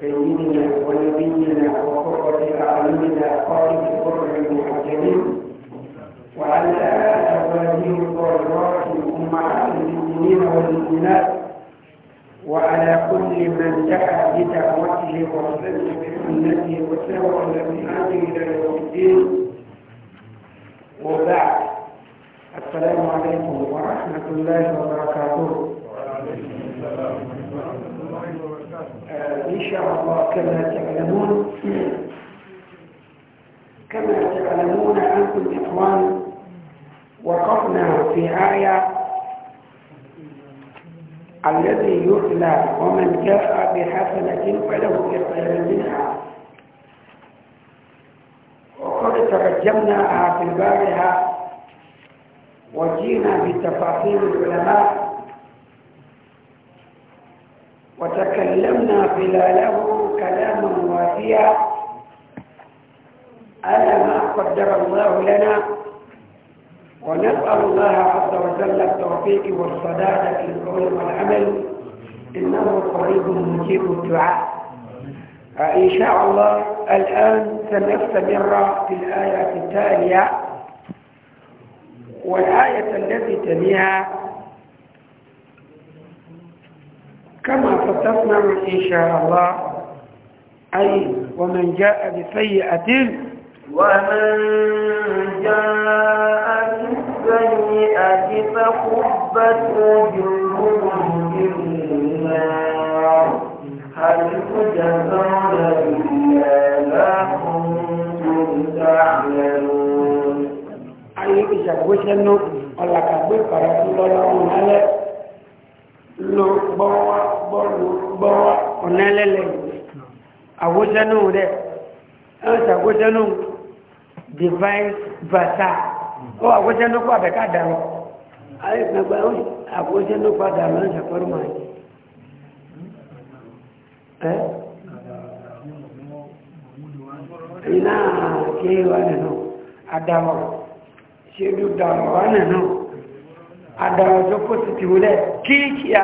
سيدنا ونبينا وقرة أعيننا خالد قرة المحجلين وعلى أزواجه الضرورات أمهات المؤمنين والمؤمنات وعلى كل من دعا بدعوته وسلم بسنته وسوى بسنته إلى يوم الدين وبعد السلام عليكم ورحمة الله وبركاته وعليكم السلام إن شاء الله كما تعلمون كما تعلمون أنتم إخوان وقفنا في آية الذي يتلى ومن جاء بحسنة فله خير منها وقد ترجمناها في البارحة وجينا بتفاصيل العلماء وتكلمنا خلاله كلاما وافيا على ما قدر الله لنا ونسأل الله عز وجل التوفيق والسداد في القول والعمل إنه قريب مجيب الدعاء فإن شاء الله الآن سنستمر في الآية التالية والآية التي تليها كما فتحنا إن شاء الله أي ومن جاء بسيئة ومن جاء بسيئة فخبت وجههم هل تجزون إلا ويقول لك ان الله يقول لك الله يقول لك ان الله bọ́ọ̀lù gbọ́wọ́ ọ̀nẹ́lẹ́lẹ́ àwọ́sẹ́nù rẹ̀ ẹ̀sẹ̀ àwọ́sẹ́nù device vata ó àwọ́sẹ́nù kó àbẹ̀ká kí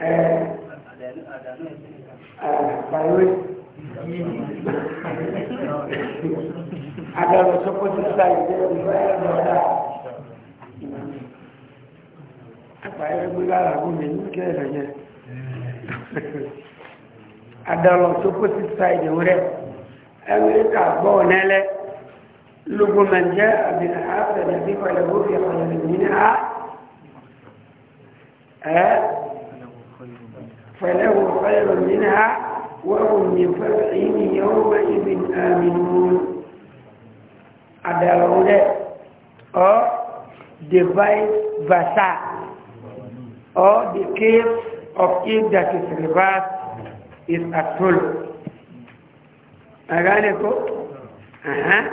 pàìwé àdàlù sọ́kọ́ ti sá ìdí ìgbà ẹ̀rọ ọ̀dà àpàyẹ gbégbá làwọn mi ní kí ẹ̀rọ yẹn àdàlù sọ́kọ́ ti sá ìdí rẹ̀ ẹ̀rọ kà gbọ́ ọ̀nẹ́lẹ́ lógo mẹ́jẹ́ àbìnrin àfẹ́ nàbí pàlẹ́ bó fi àpàlẹ́ nínú ẹ̀ فله خير منها وهم من فرحهم يومئذ آمنون أدعوه أو device versa or the case of it that is reversed is at all. أغانيكو أها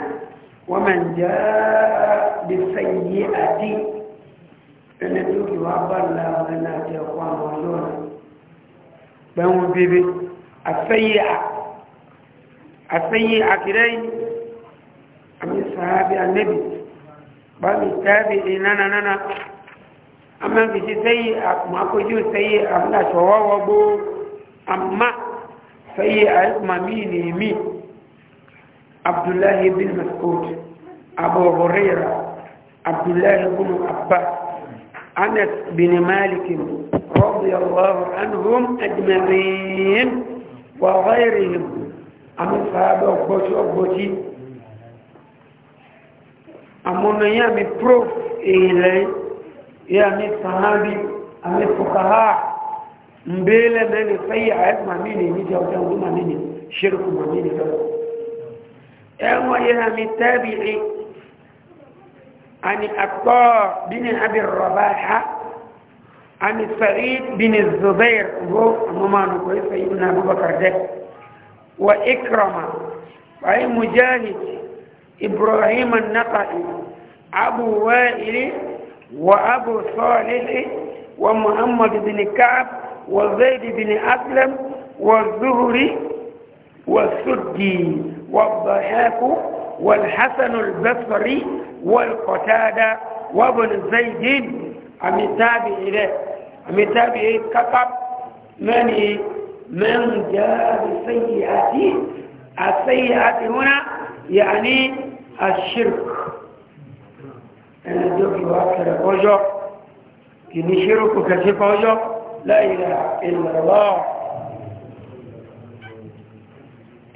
ومن جاء بالسيئة أن تلقي وعبر الله أن تكون وزوره bẹ́ẹ̀wọ̀n bèbè àfẹ́yẹ àkìrẹ́yìn àmì sàábí anẹ́bì bá mi tàbí ìnánanánà a máa fi ṣe sẹ́yẹ àkùnmákojú sẹ́yẹ àmìlàṣọ́wọ́wọ́ gbó àmà sẹ́yẹ àìkùnmàmí ìlèmí abdullahi bin mas'ud abu huraira abdullahi bin abbas anas bin malikin رضي الله عنهم أجمعين وغيرهم أما صحابة أخوتي أخوتي أما يامي بروف إلي يامي صحابي أمي فقهاء مبيلة من فيي عيب مميني نجا وجنب مميني شرك مميني فيه أما يامي تابعي أني أكبر بني أبي الرباحة عن سعيد بن الزبير هو ممان سيدنا أبو بكر ده وإكرم أي مجاهد إبراهيم النقعي أبو وائل وأبو صالح ومحمد بن كعب وزيد بن أسلم والزهري والسدي والضحاك والحسن البصري والقتادة وابن زيد ami tabi ile ami tabi kakap mani man jari sayyati asayyati huna yani الشرك انه دوكي واكرا بوجو كني شرك كشي بوجو لا اله الا الله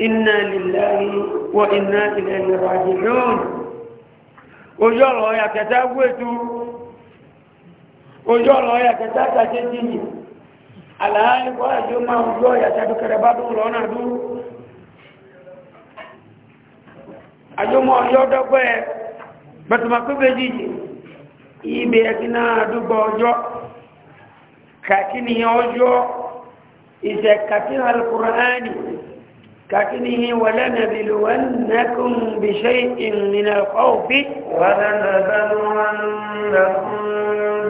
انا لله وانا اليه راجعون وجو لو يا كتاب ojú ọ̀nà ọ̀yà kẹta àtàkì jíjì àlàáríkọ́ àjò máa ojú ọ̀yà tàbí kẹrẹbá tó ń lọ́nà dúró àjò mọ́ ọjọ́ dọ́gbẹ́ bẹ̀tùmọ̀pẹ́bẹ̀ jíjì ibẹ̀ ẹ̀kí náà dúgbọ́ ọjọ́ kàkí ni ọjọ́ ìṣẹ̀ kàkí alkùránì kàkí ni wàlẹ́nàbìlúwẹ́nàkùn bìṣẹ́ ìrìnàkọ́ òfin wàlẹ́nàbìlúwẹ́nàkùn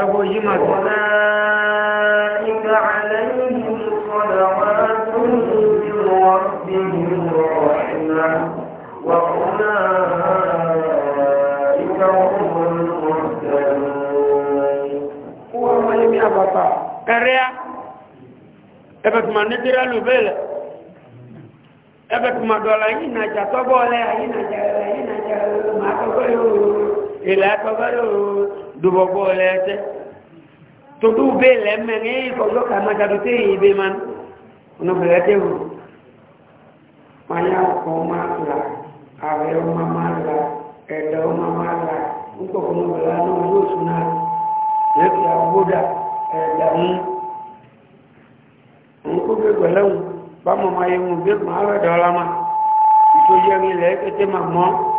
تبو جمع أولئك عليهم صلوات من ربهم ورحمة وأولئك هم المهتدون وما لم يبطأ كريا ẹbẹ̀ tó ma ní tíra ló bẹ́ẹ̀ lẹ̀ ẹbẹ̀ tó ma dọ̀la yìí nàjà tọ́gbọ́ ọlẹ́ yìí ẹ̀rẹ̀ yìí ẹ̀rẹ̀ màá tọ́gbọ́ yóò èlà tọ́gbọ́ yóò dubɔgbɔ lɛ ɛtɛ todo be lɛ mɛ ŋe kɔjɔ kama dza do te yi be ma no ɔnɔ bɛ ɛtɛ o manya kɔ ma la awɛ ma ma la ɛdɛ ma ma la ŋkɔkɔ no bɛ la no yóò su na lɛbi awo da ɛdɛ ŋu ŋkɔ bɛ gbɛlɛ ŋu bamɔ ma ye ŋu bɛ gbɛn alɛ dɔ la ma ìtòyɛ ŋi lɛ ɛkɛtɛ ma mɔ.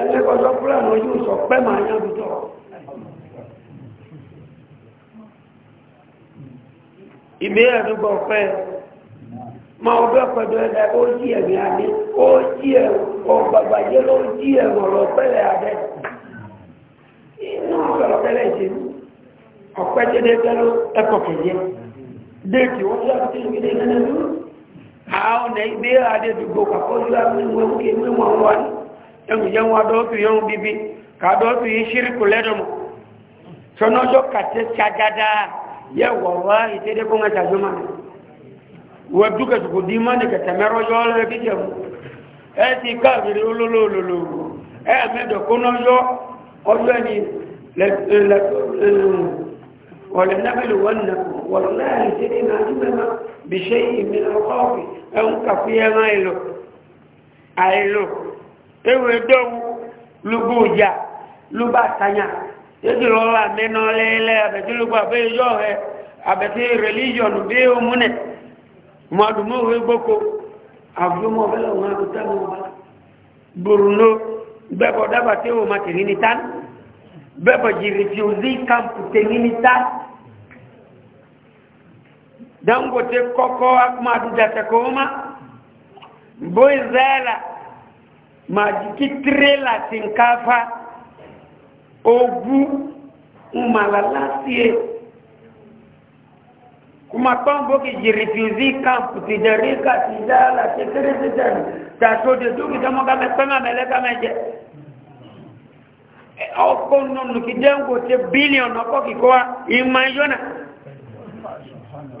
ẹlẹ́kọ̀ọ́sọ́ fúlànà ojú sọ pẹ́ máa yán ìmé pẹ́ ma ọdọ́ pẹ̀lú ẹ̀dẹ́ ó jí ẹ̀mí ó jí gbàgbàjẹ́ ló jí pẹ́lẹ̀ inú ọ̀sọ̀rọ̀ pẹ́lẹ̀ ọ̀pẹ́ ẹ̀hùn yẹn wọn adọ́tù yẹn bíbí kàdọ́tù yìí ṣíríkù lẹ́dọ̀mù sọ́nọ́jọ́ kàtẹ́ ṣàgádá yẹ wọ̀ wá ìtẹ́dẹ́ kó ń ṣàjọ́ máa wọ́n dúkẹ́ sùkú dí mọ́ni kẹtẹ́ yọ ọ́ lọ́wọ́ kíjẹ̀ mu ẹ ti káàkiri olólòlòlò ẹ mẹ́dọ̀ ọjọ́ ẹni nà ewe dɔwu lugu dza luba tanya yéésù lọ́wọ́ amẹ́nà lẹ́lẹ́ abẹ́tí lugu abẹ́ yọ ẹ abẹ́tí religion bí o múnẹ̀ mọ̀dùmọ́ òwe gboko àfúnmọ́ bẹ́ẹ̀ wọn àti táwọn ọba borno bẹ́ẹ̀bọ̀ dábàá tí o ma tẹ̀yìn ní tán bẹ́ẹ̀bọ̀ jìrì tí o zi kampu tẹ̀yìn ní dangote kọ́kọ́ akumadudasẹ̀kọ́ wọn ma bóyá zẹ́ẹ̀ la majiki tirela ti ń ogu ogún mmalalasie kuma kpambo ki ji refusee camp ti jerika ti dala ti christian ta so de duki ta mo ka me kpema mele ka me je ọkọ nọnù kí dẹ́ngo tẹ bílíọ̀nù ọkọ̀ kíkọ́ wa ìmọ̀ yọ́nà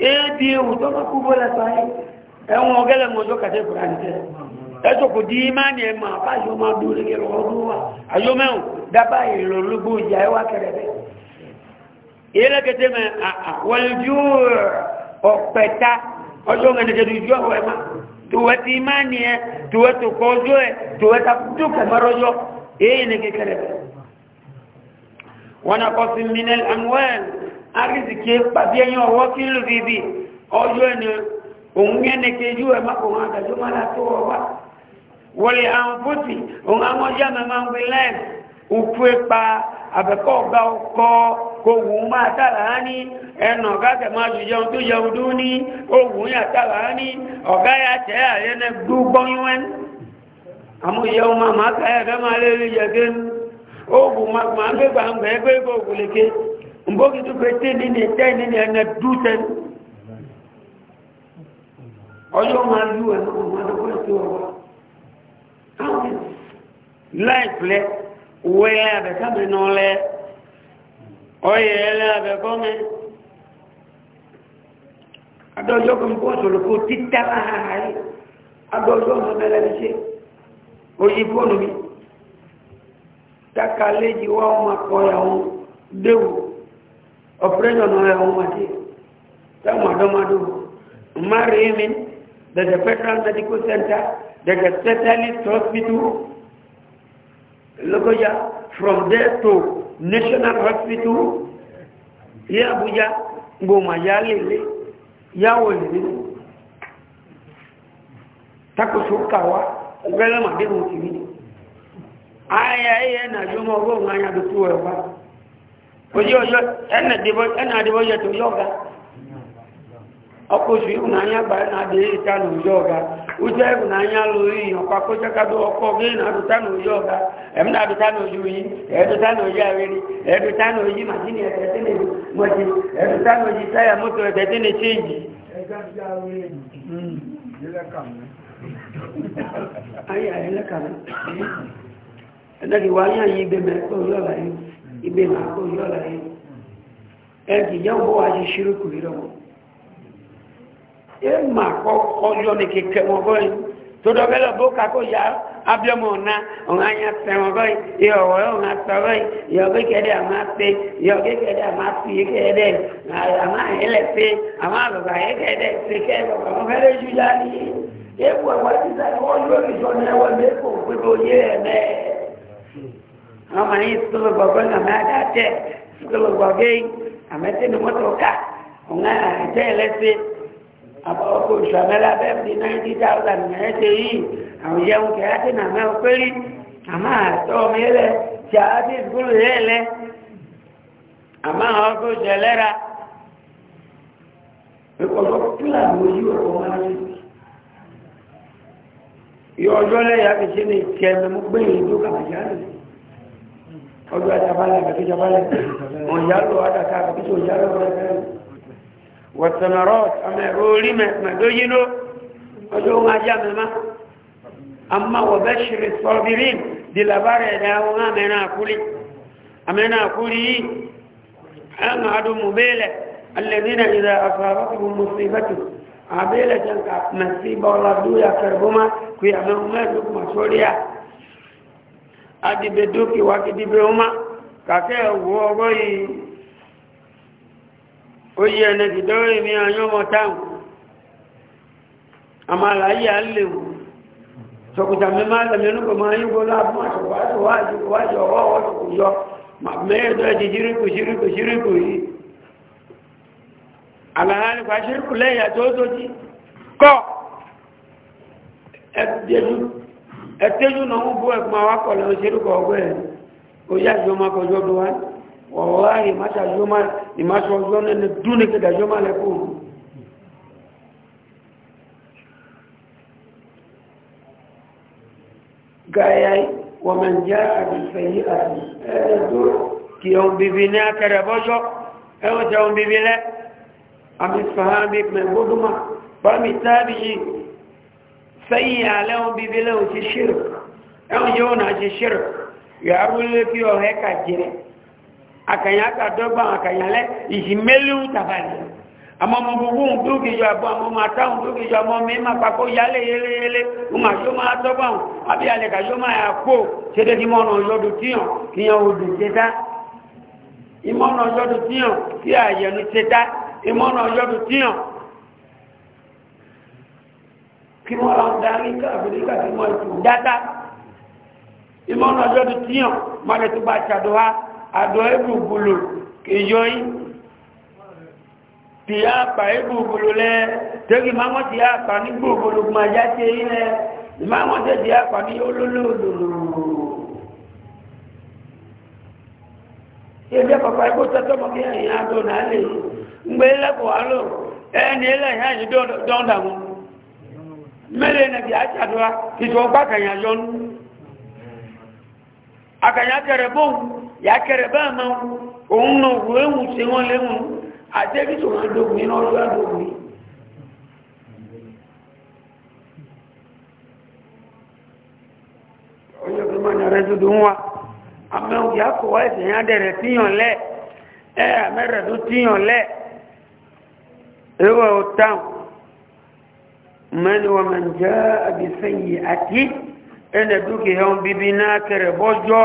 éèdì ewu tó bá kú bọ́lá sọ ayé ẹ̀wọ̀n ọgẹ́lẹ̀ mọ́jọ́ kàtẹ́kùrà nìkẹ́ ẹjọ́ kò di ìmáàni ẹmọ àbáyọ máa dúró lè rọ ọdún wa àyọmẹ́hùn dábà èrò ológbò ìyá ẹwà kẹrẹ̀bẹ̀ ìrẹ́kẹtẹ́ mẹ́ àwọlójú ọ̀pẹ̀ta ọjọ́ ẹnìkẹ́dù ìjọ ọ̀wọ̀ ẹ̀má tòwẹ́ ti ìmáàni ẹ tòwẹ́ tó kọ ọjọ́ ẹ tòwẹ́ tó kẹmọ́rọ́jọ́ èyí ni kẹrẹ̀bẹ̀ wọn akọ́sí minel anuel wọlé àǹfóòtì òun àwọn ọjà mẹ́mọ́ ń gbé lẹ́ẹ̀ òkú ipa àbẹ̀kọ́ ọ̀gá ọkọ̀ kò wù ú ní ẹnà ọ̀gá tẹ̀mọ́ àjùjẹun tó yẹ ọdún ní òwùn yà tààrà ní ọ̀gá yà tẹ́ àyẹnẹ gbúgbọ́nyúwẹ́n àmọ́ ìyẹ́ ọmọ àmọ́ àkàyà máa lé lè yẹ gé máa ń gbé tó fẹ́ tẹ́ ọjọ́ máa lú ẹ̀ láìpẹ́ wẹ́lẹ́ abẹ́kábẹ́ náà lẹ́ ọyẹ ẹlẹ́ abẹ́kọ́mẹ́ adọ́jọ́ kan kó sọ̀rọ̀ kó títà láàárí adọ́jọ́ ọmọ mẹ́lẹ́ mi ṣe oyin fóònù mi taka léjì wá ọmọ akọ ẹ̀hún déwù ọ̀pẹ́rẹ́sọ̀nù ẹ̀hún àti mi federal medical center daga specialist hospital lokoja from there to national hospital ya abuja ngoma ya lele ya wọlele takoso kawa gbẹlẹ màdé mo ti rí ayé ayé na yọmọ ọgbọ́n anya tó tó ẹ̀fà ojú ọjọ́ ẹnà àdébọ́jẹ́ tó yọ̀ga ọkụchi ịhụnanya gbaa na adịghị ịta n'ụdị ọga uche ịhụnanya lụrụ iyi ọkwa kụchakado ọkọ gị na-adụta n'ụdị ọga em na-adụta n'ụdị oyi edụta n'oyi arịrị edụta n'oyi machin eteteneji edụta n'oyi taya moto etetenechi eji ayé ayélujára ẹ̀dẹ́gbẹ̀wá yá ma kọ́ ọjọ́ ní kíkẹ́ wọn gọ́yìn tó dọ́gbẹ́lẹ̀ bó kakó ya abíọ́mọ̀ ọ̀nà ọ̀nà ya tẹ̀ wọn gọ́yìn yọ ọ̀wọ́ ọ̀nà sọ̀rọ̀ yọ kékeré àmà pé yọ kékeré àmà fi kékeré àmà ẹlẹ̀ pé àmà bàbà kékeré pé kẹ́ẹ̀bọ̀ àwọn fẹ́rẹ́ ju ya ní ewu ẹ̀wọ̀ títà wọ́n yóò fi sọ ní ẹwọ́ mẹ́kò pé kò yé ẹ̀ mẹ́ ọmọ yìí sọlọ gbọgbẹ́ àmì àdájẹ́ sọlọ gbọgbẹ́ àmẹ́tẹ́ni mọ́tò ká ọ̀nà àjẹ́ ẹlẹ́sẹ̀ àbọ̀wọ́pọ̀ oṣù àmẹ́lá bẹ́ẹ̀ ní ninety thousand náírà ṣe yìí àwọn ìyẹ̀wò kẹ́hàtì náà mẹ́wọ́ péré àmọ́ àtọ́ mi lẹ tí a ti gbúrò yẹn lẹ àmọ́ àwọn ọkọ̀ oṣù ẹlẹ́ra ìkọ̀tọ̀ pílàmù ojú ọkọ̀ máa ń yọ ọjọ́ lẹ́yà kì í ṣe ní ìkẹ́mi mú gbé ìlú wọ̀tẹ̀mẹ̀rọ̀t ọmọ ẹ̀rọ orí mẹ̀dóyínó ọjọ́ ohun ajá mẹ́má amma wọ̀ bẹ́ ṣe sọ́bìrín di labarai ẹ̀dẹ̀ àwọn amẹ́rin àkúrí amẹ́rin àkúrí yìí ẹ̀nà adùnmù bẹ́ẹ̀lẹ̀ alẹ́dínà ìdá afẹ́fẹ́fẹ́ musulmatu àbẹ́ẹ̀lẹ̀ jẹ́ ká mẹ́sí bọ́ọ̀lá dúyà kẹrìbọ́má kú yàmẹ́ mẹ́rin masoriya adìbẹ̀dókè wákìdìbẹ̀ ọmọ kàkẹ́ ọgbọ́ ọgbọ́ yìí ó yẹ ẹni ìdánwò èmi àyànmọ́ táwọn àmàlàyé àlèwò sọkùtà mímá lẹ́mẹ́nu kò máa yíbo láàbù àṣọwájú wájú wájú ọwọ́ ọwọ́ kò yọ mẹ́ẹ̀dọ́ ẹ̀dì jíríkù jíríkù jíríkù yìí àlàáhánì pàṣírìkù lẹ́yà tó tó jí kọ́ ẹ̀tẹ́jú náà ń bú ẹ̀kùn àwákọ̀ lẹ́wọ̀n ṣírìkù ọgbẹ́ ẹ̀ ó yá ìjọmọ́kọjọ́ bí wáyé wọ́láì ìmáṣọ ọjọ́ nínú dúnì kẹdàjọ́ máa lẹ́kùn gáyà wọ́n jẹ́ àdìfẹ̀yí àti ẹ̀ẹ́dọ́ kí ọ bíbí na akẹrẹbọ́jọ́ ẹwọ́n tẹ́ ohun bíbí lẹ́ àmìsàhámi mẹ́gbódúnmá bámi tábí ti ti ya akanya aka dɔgba akanya lɛ ìsì mélòó tàbá ni àmọ́ ọmọ gbogbo ń dúró kejì àbọ̀ àmọ́ ọmọ àtàwọn dúró kejì àmọ́ mi máa pàkó yálé yéléyélé ọmọ àṣọ máa dọ́gba wọn àbí alẹ́ kàṣọ máa yà kó ṣẹ́tẹ́ kí mọ́nà ọjọ́dún tíyàn kí yẹn odò ṣẹ́tá la ọjọ́dún tíyàn kí àyẹ̀nu ṣẹ́tá ìmọ́nà ọjọ́dún tíyàn kí wọ́n lọ darí káàkiri káàkiri mọ́ ìtù dáta ìmọ́nà ọjọ́dún tíyàn má àdọ́ ẹ̀bùgbùlù kìjọyí tí a pa ẹ̀bùgbùlù lẹ́ tẹ́gì máa wọ́n ti a pa ní gbùgbùlù ma ya ṣe yí lẹ́ máa wọ́n tẹ́ ti pa ní olólòlòlò ẹgbẹ́ pàpà ẹgbẹ́ tẹ́tọ́mọ kí ẹ̀yìn náà lè ẹni nàbí kìtọ́ yọnu àkànyà bóun yàkẹrẹ bá ma òun nà òwú ẹ̀wù tí wọ́n léwu àtẹ́bí tó wọn dògùn iná ọjọ́ àdògùn yìí. ọjọ́ tó máa nàrẹ́ dúdú wa àmẹ́wò yà kọ̀ wá ẹ̀sẹ̀ yẹn adẹ̀rẹ̀ tíyàn lẹ̀ ẹ̀ àmẹ́rẹ̀ tó tíyàn lẹ̀ ẹ̀wọ̀ ọ̀tàn mẹ́ni wọ́n máa ń jẹ́ àti ẹ̀nà dúkìá bíbí náà kẹrẹ̀ bọ́jọ́.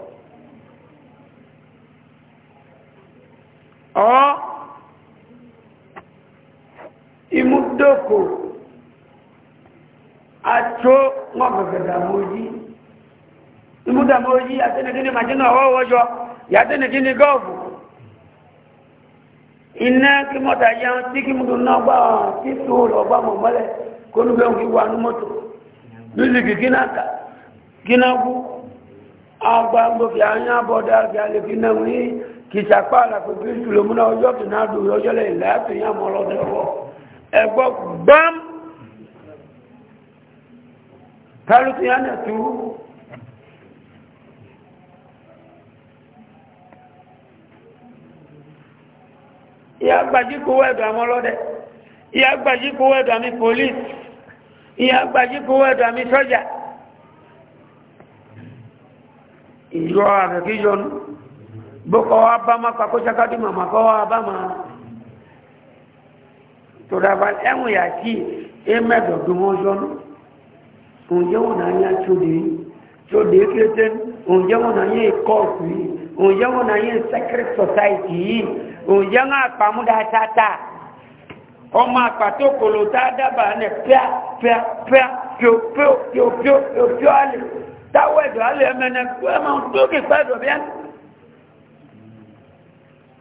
ọ imudoko atso ngọgọgọdamoji imudamoji atenekini majina ọwọwọjọ yatenekini gọọfù iná kí mọ́ta yẹun tí kí mútu náà gbá ọ̀hún tí tó lọ́gbà mọ̀ mọ́lẹ̀ kó ní bẹ́ẹ̀ kí wà ní mọ́tò bílíkì kí náà kà kí náà kú agbágbófì àyàn abọ́dá a lè fi náà wí kìsàpá àlàfo kristu ló múná ọjọ́ tó náà dùn ọjọ́ lẹ́yìn láàtò yá mọ́ ọlọ́dẹ ọwọ́ ẹgbọ́ gbám kálùkù yá nà tú ìyá gbajú kó wẹ́dọ̀ àmọ́ ọlọ́dẹ ìyá gbajú kó wẹ́dọ̀ àmì pòlíìsì ìyá gbajú kó wẹ́dọ̀ àmì sọ́jà ìyọ́ boko wa ba ma kwa kocha kadi mama ko wa ba ma to da ba emu ya ki e me do du mo jo no unje wona nya chudi chudi kreten unje wona ye ko ku unje wona ye secret society unje nga pa mu da tata o ma pa to kolo ta da ba ne pia pia pia pio pio pio pio pio ale ta we do ale mena ku ma to ke pa do bien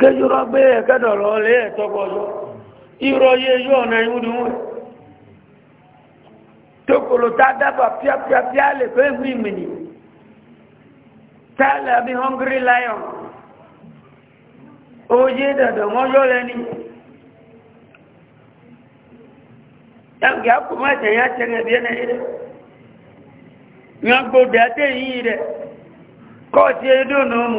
kejúrọ gbé ẹ̀kẹ́dọ̀rọ̀ lé ẹ̀tọ́gbọ́jọ́ irọ́ yé yóò na ìwúdí wọn tá dábàá píápíápíá lè fẹ́ fún ìmìnì tálẹ̀ àbí hungry lion oyé dàdọ̀ mọ́jọ́ lẹ́ni yàgì àkùnmọ́ ẹ̀tẹ̀yà tẹ̀rẹ̀ bí ẹ̀nà yìí rẹ̀ yàgbọ́dẹ̀ rẹ̀ kọ́ọ̀tì ẹ̀dọ́nà ọmọ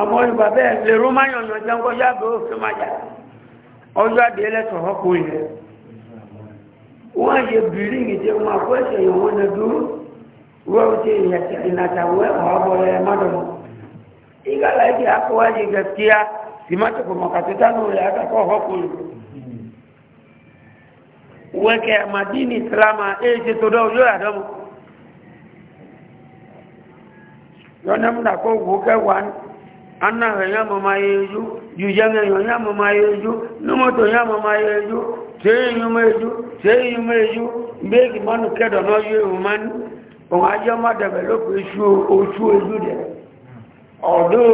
ọmọ yorùbá bẹ́ẹ̀ lè rú má yànyàn jẹ́ ńkọ́ yá bẹ́ẹ̀ òfin má yà ọjọ́ àdé lẹ́tọ̀ ọkọ yẹn wọ́n yẹ bìrìngì tí wọ́n akọ́ ya yìí wọ́n dúró wọ́n ti ìnàtàwọ́ ọ̀bọ̀ ẹ̀ mọ́dọ̀mọ́ ìgbàlá yìí akọ́ wáyé gẹ̀kíá tìmátìkù mọ̀kàtútà nù rẹ̀ akọ́kọ́ annahu ya mama yeju yujanga ya mama numoto ya mama yeju seyu meju seyu meju mbeki manu kedo no yu man on ajo ma develop isu osu eju de odo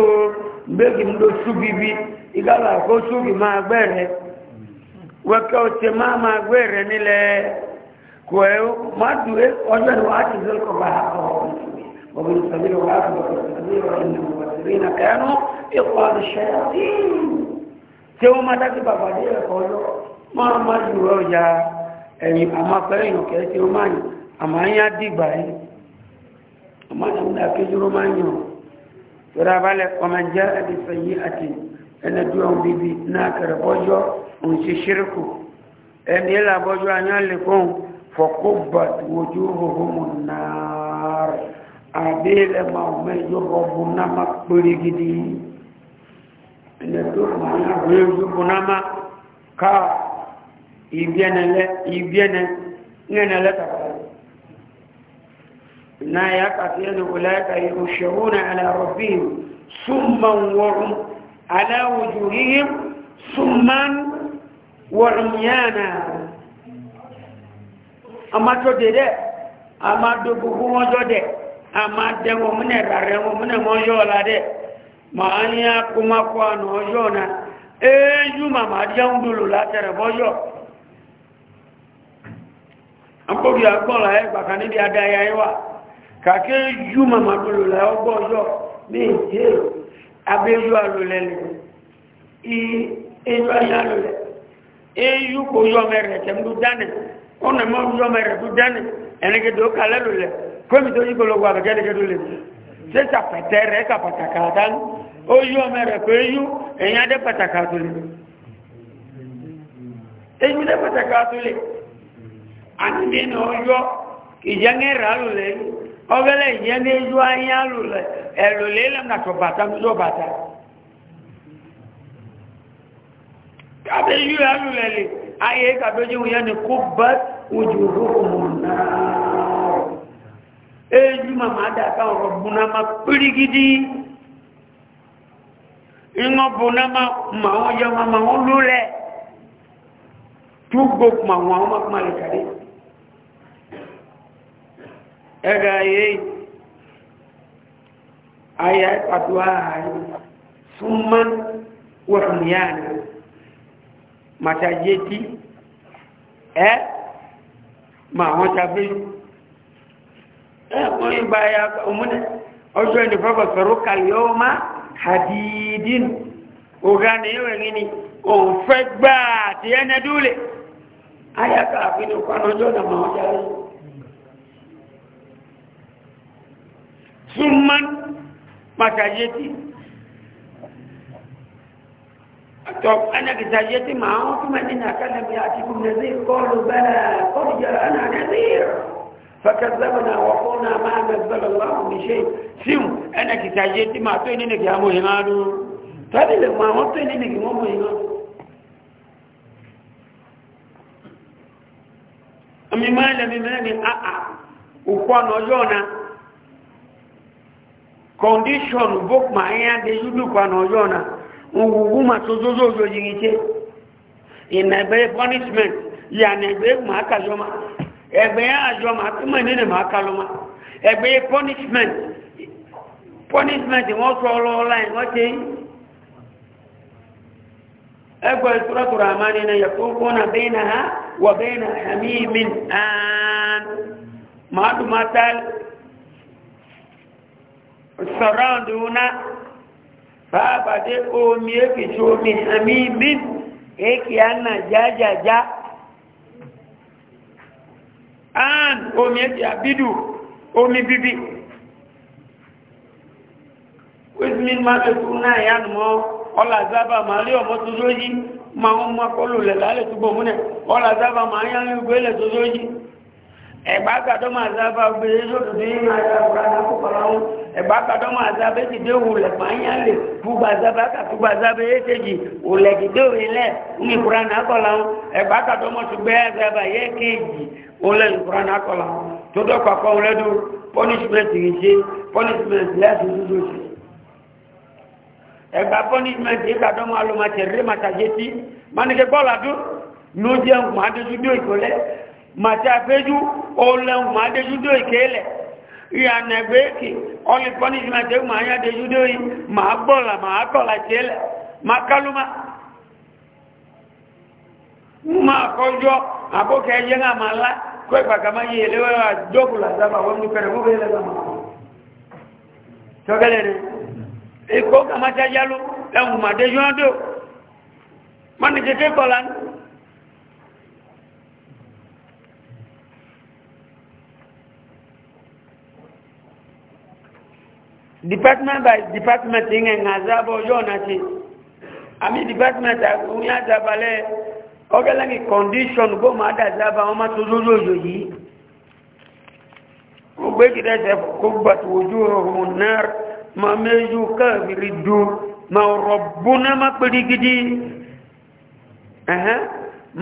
mbeki mdo subibi igala ko subi ma gbere weke ote ma ma gbere nile kwe madue ojo ni wa ti zelko ba ha ko ìpàdé ṣẹ́yàtì tí wọ́n máa dájú bàbá dé ẹ̀kọ́ ọjọ́ máa máa jù rọ ya ẹ̀yìn àmàfẹ́rẹ́ ìyànkẹ́ tí wọ́n máa yìn àmà ń yá dìgbà yìí àmà ìdá kéjúró máa yàn tọ́ra balẹ̀ ọmọ jẹ́ ẹ̀dì sẹ́yí àti ẹni tó ń bíbí náà kẹrẹ bọ́jọ́ òun ṣe àbí ilẹ̀ máa mẹ́jọ́ ọ̀bùn náà má péré gidi yìí bunama ka ibiene le ibiene ngene le ta na ya ka tiene ulaika yushuruna ala rabbihim summan wa hum ala wujuhihim summan wa umyana ama to dede ama do gugu won jode ama de won mune rare won mune mo maani a kuma kɔ a nɔɔjɔ na ee eh, juma maa di an dolo la tɛrɛ bɔjɔ an ko bi a gbɔ la yɛ gbaka ne bi a da yɛ wa ka kɛ juma maa dolo la yɛ bɔjɔ mi he a bɛ ju a lo lɛ lɛ i e ju a ya lo lɛ e ju ko yɔ mɛ rɛ tɛm do dani o na ma yɔ mɛ rɛ do dani ɛnɛgɛ do kalɛ lo lɛ komi to yi kolo wa a bɛ kɛ ɛnɛgɛ do lɛ sisan pɛtɛ rɛ ka pata kala tan. o yí ọmọ rẹ̀ pé yú ẹ̀yìn adé pàtàkì àtúlẹ̀ ẹ̀yìn adé pàtàkì àtúlẹ̀ àníbi ní ọjọ́ ìjẹ́ngẹ́ rà lulẹ̀ ọgẹ́lẹ̀ ìjẹ́ngẹ́ yú ayé lulẹ̀ ẹ̀lùlẹ̀ lẹ́mùnàtọ̀ bàtà lójó bàtà kàbẹ́ yú rà lulẹ̀ lè ayé kàbẹ́jú yẹn ni kó bá ojú òkú náà eju mama adaka ọ̀rọ̀ gbuna ingo bona ma mao ya ma mao lule tugo ma mao ma ma le kare ega ye aya patwa summan wa humyana matajeti eh ma won tabe eh mo iba ya omune ojo ni fa ba feruka yoma hadidin ogane ewe ngini ofe gbaa ti ene dule aya ka afini kwanojo na maojari summan masajeti طب انا بزيتي معاهم ثم ان اكلم ياتيكم نذير قالوا بلى قد جاءنا نذير فكذبنا وقلنا ما نزل الله من شيء سيم انا كتاجيت ما تو ني نك يامو هنادو تاني لما ما تو ني نك مو هنادو امي ما لم مني ا ا وكون يونا condition book ma ya de yudu kwa no yona ngugu ma tozozo yoyingiche inabe punishment ya nebe ma kajoma ẹgbẹ́ àjọ máa tí mọ̀ nínú máa punishment punishment wọ́n sọ ọlọ́ọ̀lá ẹ̀ wọ́n ṣe ẹgbẹ́ ìtúrọ̀tùrọ̀ àmàrin náà yẹ na kọ́nà na náà wọ̀ bẹ́ẹ̀ náà àmì mi àn máa dùn máa tá sọ̀rọ̀ǹdù náà bàbá dé omi èkìtì omi eke mi èkì jájájá. ja, ja. an omi ẹ̀dì àbídù omi bibi. wíṣmín máa tó tún náà yá nù mọ́ ọlá zábà máa lé ọmọ tó lóyí máa ń mọ́ kọlù lẹ̀ lálẹ̀ túbọ̀ múnẹ̀ ọlá zábà máa tó lóyí ẹ̀gbá kàdọ́ máa zábá gbé lóòtù ní àjàkùrá lápòpọ̀lá wọn ẹ̀gbá kàdọ́ máa zábé dìde òwúlẹ̀ pààyàn lè fúgbà zábá kàtúgbà zábé ètèjì òlẹ̀ dìde òwúlẹ̀ ní ìkúra nàkọ̀lá wọn ẹ̀gbá kàdọ́ mọ̀ tùgbẹ́ zábá yẹ kéèjì òlẹ̀ ìkúra nàkọ̀lá wọn tó dọ́kọ̀ kọ́ wọn lẹ́dọ̀ punishment yìí ṣe punishment lẹ́sùn dúdú ṣe ẹ̀gbá punishment yìí kàdọ́ máa lọ máa tẹ̀lé màtàjẹ́tì mánikẹ́ bọ́ọ̀lù àdó ní ó jẹun máa dojú dé ìkọ́lẹ́ màtí àpéjú olóhùn máa déjú dó ìkéèlẹ̀ ìyànà ẹgbẹ́ẹ̀kì ọlì pọ́nìsìmẹ̀tì ẹgbùn máa yá déjú dó yìí máa gbọ́là máa kọ̀là tiẹ́lẹ̀ máa kálúmá máa kọjọ́ àkókò ẹyẹ náà máa lá kó ìpàkà máa yẹ ilé wẹ́wà jókù làzábà wọ́n ní kẹrẹ fún bẹ́ẹ̀ lẹ́gbàmà tọ́gẹ́lẹ̀ rẹ̀ ikó kàmájá yálò ẹ̀hùn màdéjú ọdún mọ́nìkẹ́kẹ́ kọ̀lá ní department by department ìyẹn ŋazabọ yóò náà ṣe àmì department àgbóyún àzàbalẹ̀ ọgẹ́lẹ́yìn condition bó máa dàzàbà wọn máa tó lórí òjò yìí gbogbo ìkìdá ẹsẹ̀ kó gbàtò ojú ọ̀hún náà máa méjú káàkiri du máa rọ̀bùnà máa pèrè gidi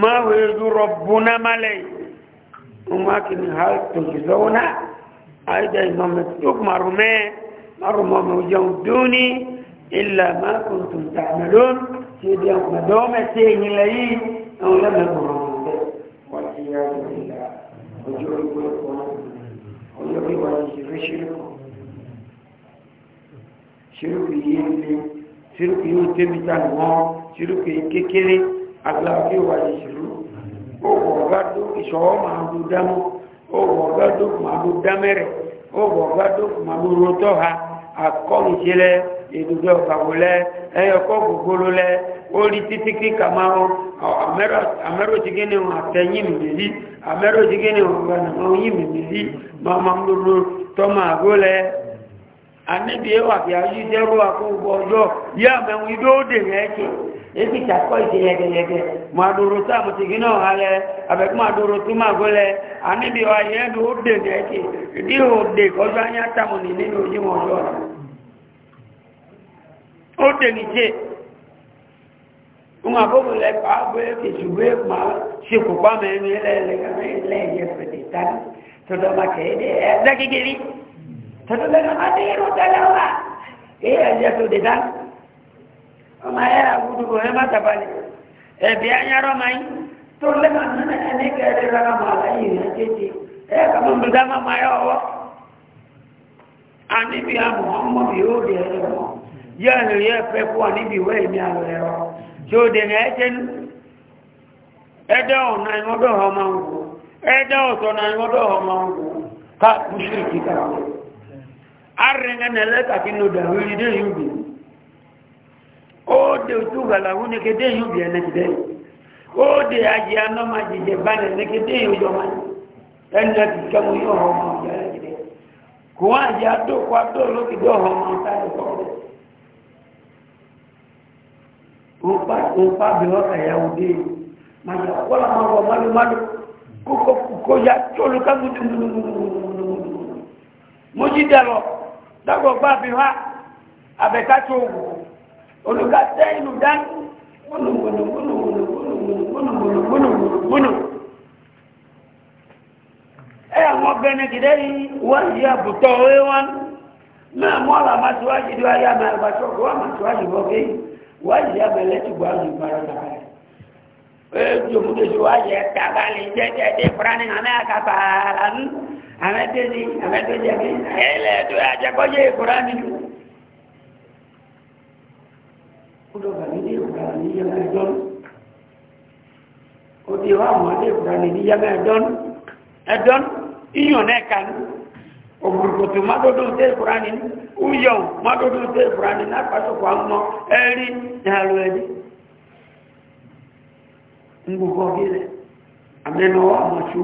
máa wẹ̀ẹ́jú rọ̀bùnà máa kini wọn kì ní hàlùtò ìlọ́wọ́ náà àìjẹ́ ìmọ̀mẹ́tò màrùmẹ́ẹ́ marmam jawduni illa ma kuntum ta'malun ti di an madoma ti yin layi an la na buru be wala iya illa ojori ko ko ojori wa ji rishiru shiru yi ni shiru yi te mi ta mo shiru ke kékeré agla ki wa ji akɔlùtsi lɛ edigbo ɔgbawo lɛ ɛyɔkɔ gogolo lɛ oli titiki kama ɔ, amɛrɔ amɛrɔ tigi ni wo atɛ nyi mimili amɛrɔ tigi ni wo gbana wo nyi mimili mamamudu tɔma ago lɛ anabi yɛ wa fi ayi sɛ wo akɔ gbɔdɔ yɛ amɛwu yi do de yɛ tsi. ebi takɔ ite yɛgɛyɛgɛ mo adoro ta mo tigi na ɔha lɛ adoro tu ma go lɛ anibi ɔha yɛ do o de na eke di o de kɔjɔ anya ta mo ni ninu oji mo jɔ o de ni tse mo abobo lɛ kɔ abo eke sugbe ma se ko kpa mɛ nu lɛ lɛ kana lɛ yɛ fɛ de ta tɔdɔ ma kɛ ɛdɛ ɛdɛ kekeli tɔdɔ ọmọ ayé àgùdùgbò ẹ má tàbálẹ̀ ẹ̀bí anyarọ́ máa yín tó lẹ́mà nínú ẹni kẹrẹ rárá mọ́ àlàyé rẹ̀ tètè ẹ kàmú ndúdá má má yọ ọwọ́ àníbi àmọ́ ọmọ bí ó di ẹ̀rọ mọ́ yẹ ẹ̀rọ yẹ fẹ́ fún ọ níbi ìwé ìní àlọ́ ẹ̀rọ tó dè ní ẹ̀jẹ̀ nù ẹ̀dẹ́ ọ̀nà ìwọ́dọ̀ ọmọ ń wò ẹ̀dẹ́ ọ̀tọ̀nà ìwọ́dọ̀ ọmọ ń wò ká kú sí ìkíkà arìnrìn ẹ̀nà ẹlẹ́kàkínú dàrú ìdí ìyúbi ode otugala une kedenyo biene kide ode aji ano maji jebane ne kedenyo jomani enda kikamu yo homo jale kide kuwaji ato kwa to lo kido homo tayo ko ya udi maja wala mambo malu malu kuko kuko ya tolu olùkàtẹ́ ìlú dání gbónùgbónùgbónùgbónùgbónùgbónùgbónù ẹ àwọn ọbẹ̀ni kìdẹ́ yìí wọ́n yìí àbùtọ̀ orí wọn náà mọ́ ọ̀là máa tíwájú ìdíwá yá máa ẹgbà ṣọ́kù wọ́n máa tíwájú bọ́kẹ́ wọ́n yìí àmà ẹlẹ́tìgbọ́ àwọn ìgbàlá sàkàlẹ̀ ee jòmùdòjò wá yẹ tabali jẹjẹjẹ fúlani àmì àkàfà àlànà àmì tẹ́lẹ̀ àmì tẹ́lẹ̀ ẹlẹ́dọ̀ àjẹkọ́jẹ́ fúlani dùn. kudo gani di gani yang edon odi wa mo di gani di yang edon edon iyo nekan ogurgoto madodo te qurani uyo madodo te qurani na pato kwa mo eri halo edi ngugo gile ameno wa mo chu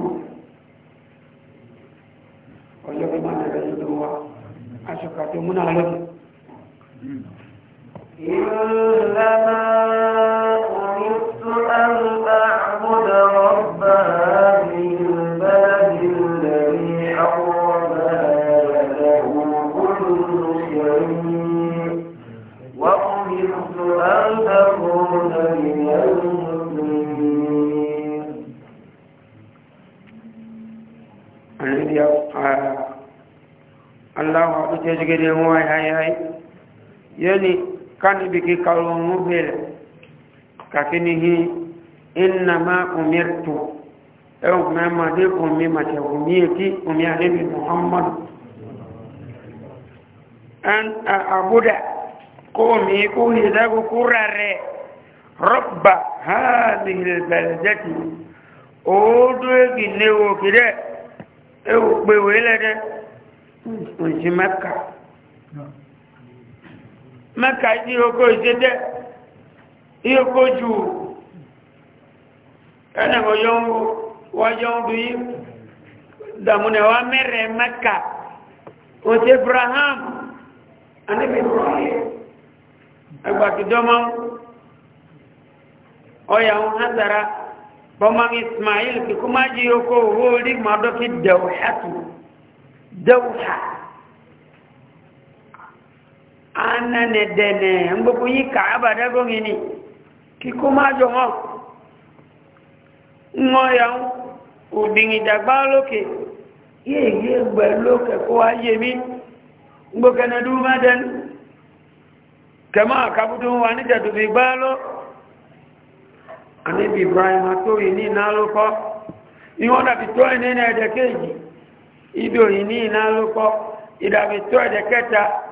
oyo kama na ndio wa ashoka tumuna halo mm Allah wa ku ce jigire mu ai ai ai yani kani biki kalu mubele kakini hii innama umirtu ewu mema de umi machagumie ki umi alibi muhammad an abuda kumi kuhidagu kurare rabba hadhihi albaldati odoegi newo kide ewu gbewelede nsi mekka mẹ́ka ní oko ìṣẹ́dẹ́ ní oko jù ẹnà wọ́yọ́ ń bí dàmúnẹ̀ wá mẹ́rẹ̀ mẹ́ka òtí abraham anábì ibrahim agbàkìdọ́mọ́ ọ̀yà ń hátara bọ́mọ́ ismail kìkú má jí oko owó orí mọ́dọ́kì dẹ̀wù hàtù dẹ̀wù hàtù anane dene mgbogbo yi kaaba dago ngini ni ma jo ho ngo ya obingi dagba lókè ye ye gbe lókè ko aye mi mgbogbo na du ma den kama kabudu wa ni jadu bi gba lo ani bi ibrahim atori ni na lo ko iwon da bi to ni na de keji ido ni na lo ko ida bi to de keta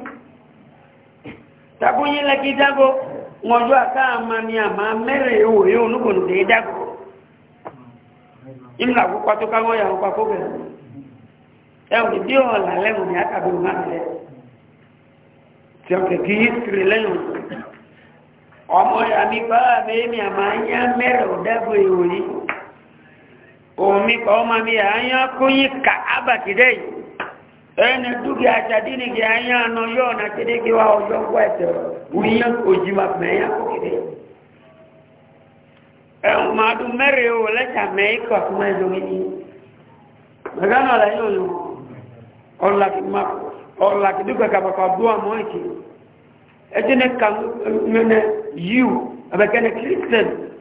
takunyi laki dago ngojo aka amani ama mere yo yo nuko nde dago imla ko kwato ka ngoya ko ko be e dio la le mo ya ka bi ma le tiake ki history le yo omo ya mi ba be mi ama ya mere o dago yo yi o mi ko ma mi anya kunyi ka aba kidai ene dúkìá ṣàdínì kí a yá àná yóò na kéde kí wá ọjọ́ kó ẹ̀tẹ̀ wúyẹ́ òjì máa mẹ́yà kó kéde ẹ̀hùn máa dún mẹ́rin o lẹ́tà mẹ́yì kọ̀ fún ẹ̀dọ́ yìí mẹ́gánà ọ̀la yóò lò ọ̀la kìdúkọ̀ kàbàkà dún àmọ́ ìkì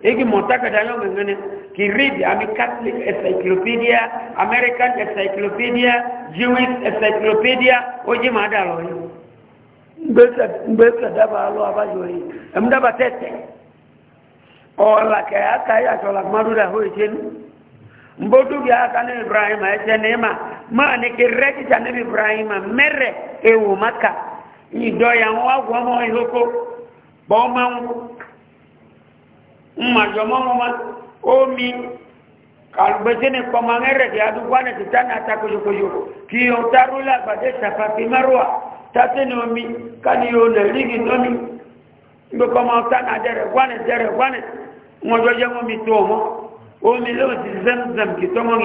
igi mọ̀tákàdá yọ́ gbẹ̀gbẹ̀ ni kì rídì ami katlik encyclopedia american encyclopedia jewish encyclopedia oji jí máa dà lọ yìí gbẹ́sẹ̀ dábàá lọ abájọ yìí ẹ̀mú dábàá aka ya àkàyè àṣọlà mọ́dúnrà ó ṣe ní mbódúgì àkà ibrahim ẹ̀ṣẹ̀ ní ma máa ní kí ibrahim mere ewu maka ìdọ̀yà wọn wá gbọ́mọ ìhókó mmajọ mọmọma omi kàlùbẹ́sẹ́ni kọmọngẹ́rẹ́ kí adúgbọ́nà ti tánà ta kojokojo kí o tarú lágbàdé sàfàfì mẹ́rùwà tásẹ́ni omi káni yóò lè rígi lómi gbẹ́kọ̀mọ́ tánà dẹ̀rẹ̀ gbọ́nà dẹ̀rẹ̀ gbọ́nà mọ́jọ́jẹ́ mọ́mi tó ọmọ omi lóòsì zẹ́mzẹ́m kì tọ́mọ́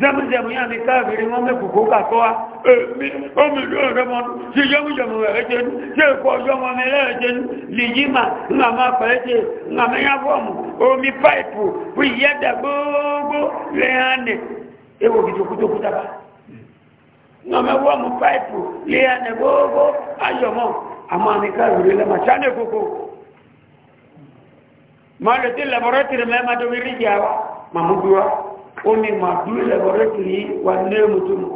zẹ́mùzẹ̀mù yá ní káàkiri wọ́n mẹ́kùkú kàtọ́ wá èmi omi ọ̀rẹ́mọ́nú ṣe yẹ́mùzẹ̀mù ẹ̀ẹ́jẹ́nu ṣe ẹ̀kọ́ ọjọ́mọ mi lẹ́ẹ̀jẹ́nu lè yí ma, ńlá máa pẹ̀ẹ́jẹ́ ńlá mẹ́yà fọ́ọ̀mù omi páìpù fún ìyẹ́dẹ̀ gbogbo lẹ́hànẹ̀ ewo kìtòkútòkú dábà ńlá mẹ́wọ́ọ̀mù páìpù lẹ́hànẹ̀ gbogbo ayọ̀mọ́ àmọ́ ní káàkiri lẹ́mà ṣáàlẹ̀ kókó máa lè wa màmúdúrà omi màdúrú lẹ́bọ̀rẹ́tì yìí wà ní ẹmùtúmù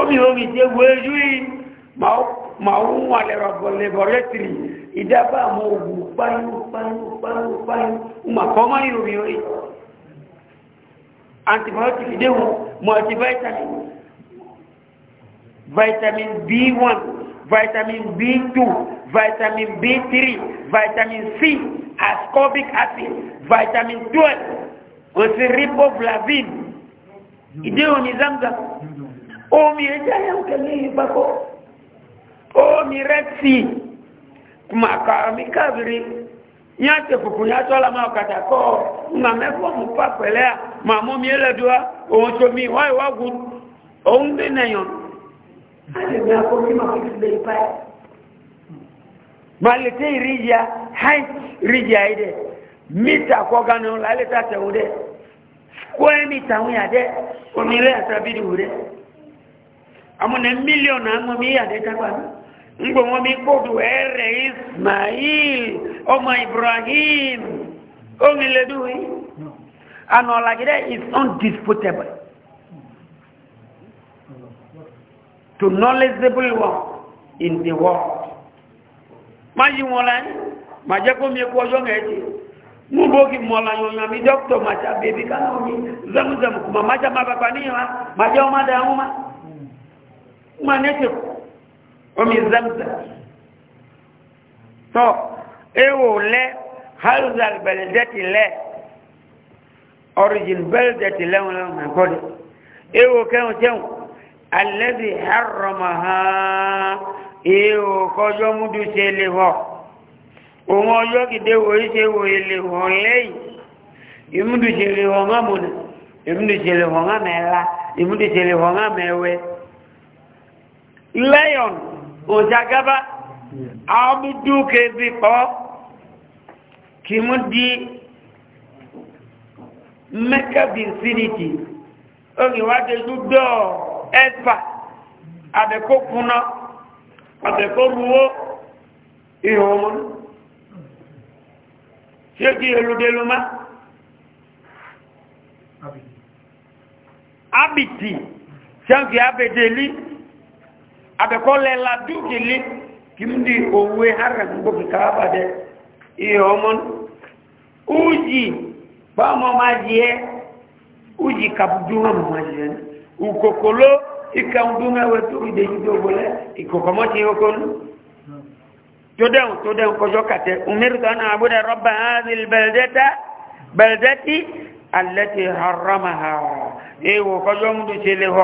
omi omi jẹ́ wéjú yìí ma ń wà lẹ́bọ̀rẹ́tì ìdábà mọ́ ogun páyú páyú páyú páyú ma kọ́ mọ́ ìròmí orí antibiotic multivitamin vitamin b1 vitamin b2 vitamin b3 vitamin c ascorbic acid vitamin 12 wasiripo blavin ideo ni zamzam omi ejaya ukelii bako omi resi makamikaviri nyate pupu nyatola maokata ko mamefo mupa pelea mamo mieledua ochomi wai wagu ounde neyon malete irija hai rija ide mita kɔ gani o ale ta tɛ o dɛ kɔɛ mita o ya dɛ o mi lɛ ata bi di o dɛ amuna mi ya dɛ tagba mi ŋgbɔŋɔ mi kpɔdu ɛrɛ ismail ɔmɔ ibrahim omi le du yi anɔlagi dɛ is undisputable to knowledgeable world in the world ma yi wɔn la ma jɛ ko mi kɔ yɔn ɛ ti. mubogi mola nyonya mi doctor macha baby kana unyi zamzam kuma macha mababa niwa macha umada ya uma manete omi zamzam so ewo le halzal beldati le origin beldati le wala na kodi ewo kan chen alladhi harramaha ewo kojo mudu sele ho òun ọjọ́ kìdé wo ṣe wo ilé wọn lẹ́yìn ìmúdùjẹ̀lẹ̀ wọn á múnà ìmúdùjẹ̀lẹ̀ wọn á mẹ́la ìmúdùjẹ̀lẹ̀ wọn á mẹ́wẹ́ lẹ́yọ̀n òjàgábá àbúdúkẹ́bí pọ́ kì mú di mẹ́kàbí infinity òyìnwádé dúdọ́ ẹ́fà àbẹ̀kó kuná àbẹ̀kó ruwó ìhòòmù ṣé kí eludelu má abiti ṣẹ́ǹkì abedeli abẹ́kọ́lẹ̀ ladúkìlì kí mú di òwe hàrẹ̀ gbogbo kìkà ihe iye ọmọ uji báwọn máa yẹ uji kàbùdú wọn máa yẹ ukokolo ikàndúnmẹ́wẹ́ tó ìdèjì tó ti تدعو تدعو كجوكة أمرت أن أعبد رب هذه البلدة بلدتي التي حرمها إيو كجوم تشيله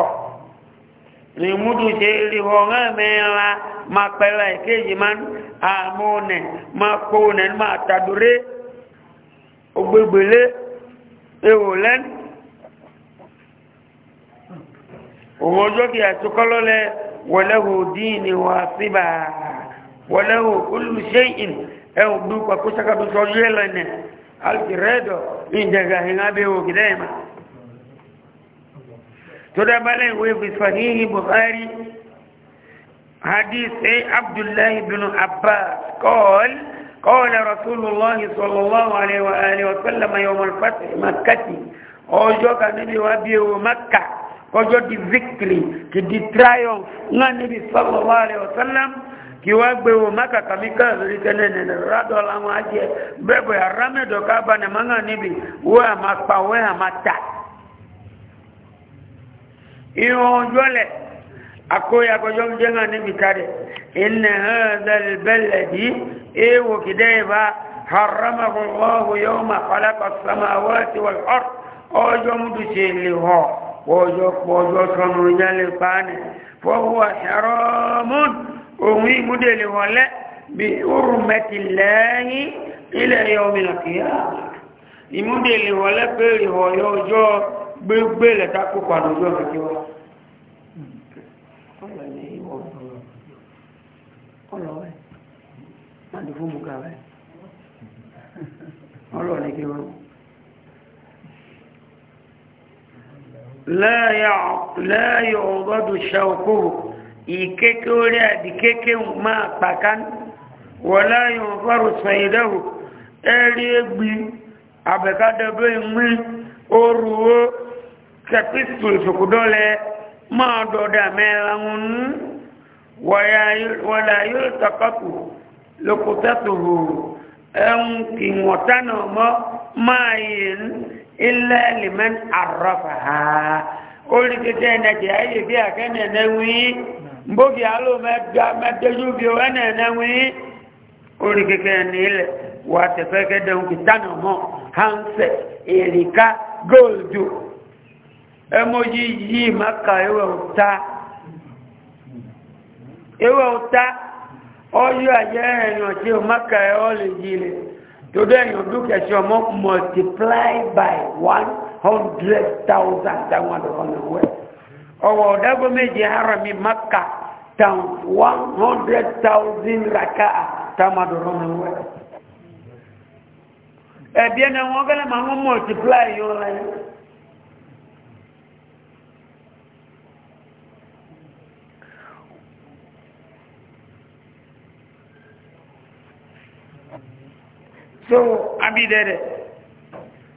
نمدو تشيله غاميلا ما قبلا كيجمان آمون ما كون ما تدري وببلي إيو لن ومجوكي أتكالو له وله دين واصبا wọlẹ́wò olùsẹ́yìn ẹ ò bí kọ́ kóṣàkàtò sọ yẹ lẹ́nẹ̀ alìkìrẹ́dọ̀ ìjẹ̀gà ìhìn abẹ́wò kìdẹ́ ìmá tó dábálẹ̀ ìwé fìfàníhì buhari hadith a abdullahi bin abbas kọ́ọ̀l قال رسول الله صلى الله عليه وآله وسلم يوم الفتح مكة أوجوك نبي وابيه مكة kojo di victory ki di triumph nga nabi sallallahu alaihi wasallam kí wá gbé wo mákàkà mi káàkiri kẹ́nẹ́ nẹ̀nẹ̀ rádọ́ láwọn ajẹ́ bẹ́bẹ̀ arámẹ́dọ̀ káàbà nẹ̀ máa ń hàn níbi wọ́n à máa pa wọ́n à máa tà ìhun ọjọ́ lẹ̀ akóyà kọjọ́ jẹ́ hàn níbi kárẹ̀ ìnà ẹ̀ẹ́dẹ̀lẹ̀bẹ̀lẹ̀dì èèwò kìdẹ́ ìbá yawma khalaqa as-samawati wal ard ọjọ́ mudu ṣe lè họ ọjọ́ pọ̀ ọjọ́ sọnù yẹn lè pa á nì fọwọ́ òun ìmúdèlè wọlé bí orùmẹ́tì lẹ́yìn ilẹ̀ ọmọlẹ̀kìyà ìmúdèlè wọlé pé ìwọ̀yọ ọjọ́ gbégbé lẹ́ta kópa lójọ́ kẹkẹwà لا يعضد شوكه ìkéké orí àdìkéké máa pàkán wọ́lá yóò fọ́rù sọ̀yìndáwò ẹ̀rí ẹgbì àbẹ̀kádọ́dọ́ ìmú orúwó kẹpítù ìfòkúdọ́lẹ̀ máa dọ̀dà mẹ́ra wọn nú wọ́lá yóò tọ́kọ́kù lókùtẹ́tùrù ẹ̀hún kì wọ̀tánà mọ́ máa yẹ̀ ilẹ̀ lèmẹ́n àrọ́fà ha orí kékeré nàìjíríà yìí bí àkẹ́nẹ̀ẹ́wì mbogi alo mẹga mẹtẹju bi o ẹnẹ ẹnẹwi orí kékeré nílẹ wà tẹfẹ kẹdẹun kìtànà mọ hansẹ èrìká góòlù ẹmọjì yìí maka ewé òta ewé òta ọyọ ayé ẹyàn tí maka ẹ lẹ todo ọmọ multiply by one hundred thousand àdókòwò ọwọ́ ọ̀dágbó méje harami maka tan one hundred thousand raka tamadọ̀rọ̀ mi wẹ̀. ẹ̀bí ẹni wọn gẹ́lẹ́ máa ń multiply yóò lẹ́yìn. so abidẹ dẹ.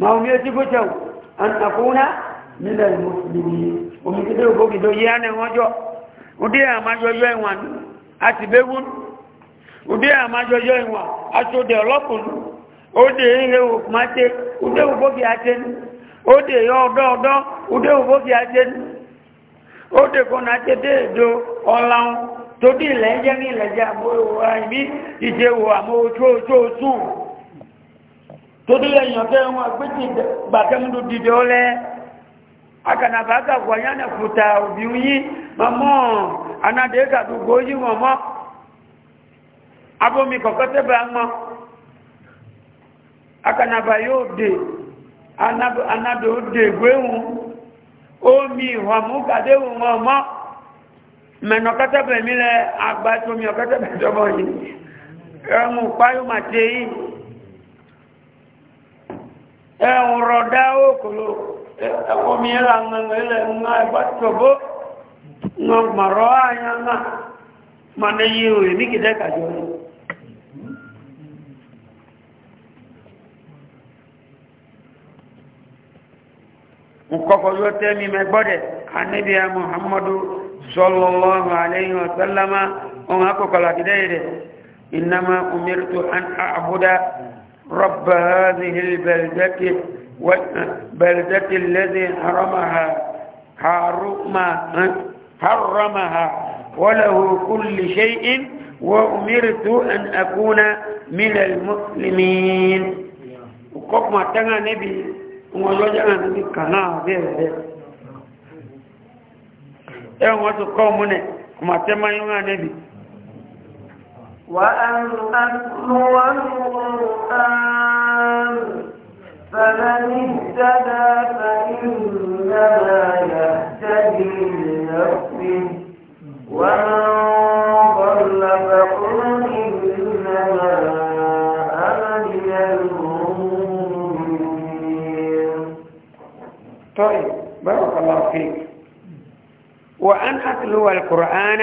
ma omi eti gbóṣẹ́wò anàkúnná nílẹ̀ ìmọ̀sílùmí omi tí ó gbógi tó yíá ní wọ́n jọ ọdí àmájọjọ́ ìwọ̀n àti bẹ́wọ́n ọdí àmájọjọ́ ìwọ̀n aṣòdè ọlọ́pùnú ọdẹ ilé òkùnmáṣe ọdẹ ògbógi àtẹnu ọdẹ ọdọ́ọdọ́ ọdẹ ògbógi àtẹnu ọdẹ kọ́nà àtẹdẹ èdò ọ̀làun tó dí ilẹ̀ jẹ́ ní ilẹ̀ jẹ́ àmọ́ ìwọ̀ àìbí ìjẹ́wò àmọ́ ojú ojú ojú todi le nyɔ kɛ ŋu agbete gbake ŋu do didi wo lɛ akana ba ka wɔ nya ne futa obi ŋu yi mɔmɔ anade ka do go yi mɔmɔ abo mi akana ba yɔ de anado anado de goe ŋu omi hɔmu kade ŋu mɔmɔ mɛnɔ kɛtɛ bɛ mi lɛ agba to mi ɔ kɛtɛ bɛ dɔbɔ yi ẹ̀wọ̀rọ̀ dá òkòlò ẹ̀kọ́mí ẹ̀là ńlẹ̀ ńlá ẹ̀bá tọ́bọ́ ńlọ mọ̀rọ̀ àyà náà ma ní yí òye ní kìdẹ́ kàjọ ní nkọ́kọ́ yóò tẹ́ mi mẹ́gbọ́dẹ̀ anábíà muhammadu sallallahu alayhi wa sallama ọ̀hún akọ̀kọ̀lá kìdẹ́ rẹ̀ ìnáma umirtu an àbúdá رب هذه البلدة والبلدة الذي حرمها حرمها حرمها وله كل شيء وأمرت أن أكون من المسلمين وقف ما تنا نبي وجوجا نبي كنا بيه ايه ما تقومون ما تما يوم نبي وأن أتلو القرآن فمن اهتدى فإنما يهتدي لنفسه ومن ضل فقل إنما أمني من المؤمنين طيب بارك الله فيك وأن أتلو القرآن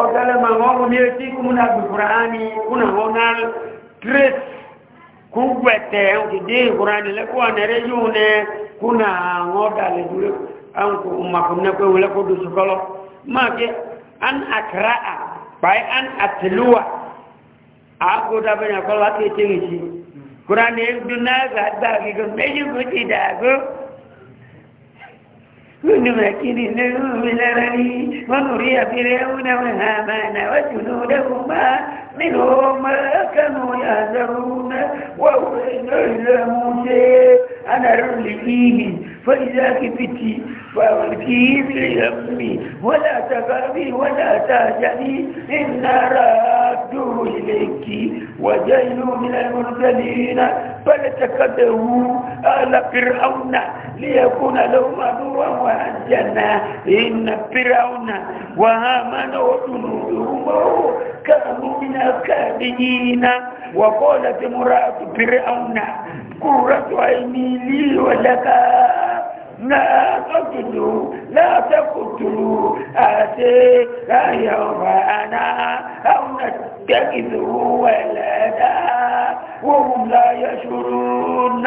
ọ̀tẹ́lẹ̀ ma wọ́n mú ní etí kún náà gbùgbùrání kún náà wọ́n náà tírẹ́t kún gbẹ̀tẹ̀ òkèdè ìgbùrání lẹ́kọ́ ànẹ́rẹ́ yóò nẹ kún náà wọ́n dàlẹ̀ dúró àǹkù lẹ́kọ́ an àkàrà à an àtìlúwà àgùdà bẹ̀rẹ̀ kọ́lọ́ láti ètè ìṣe kúrání dúnáà gbàgbà gígùn méjì kò ti ونمكن لهم في الأرض ونري فرعون وهامان وجنودهما منهم ما كانوا يهزرون وأوحينا إلى موسى أن فيه فإذا كفت فألقيه في همي ولا تخافي ولا تهجني إنا رادوا إليك وجعلوا من المرسلين فلتقدموا آل فرعون ليكون لهم عدوا وحجنا إن فرعون وهامان وجنودهما كانوا من الكاذبين وقالت امرأة فرعون قرة عيني لي ولك لا تقتلوا آية لا تقتلوا يا ربنا أو نتخذه ولدا وهم لا يشعرون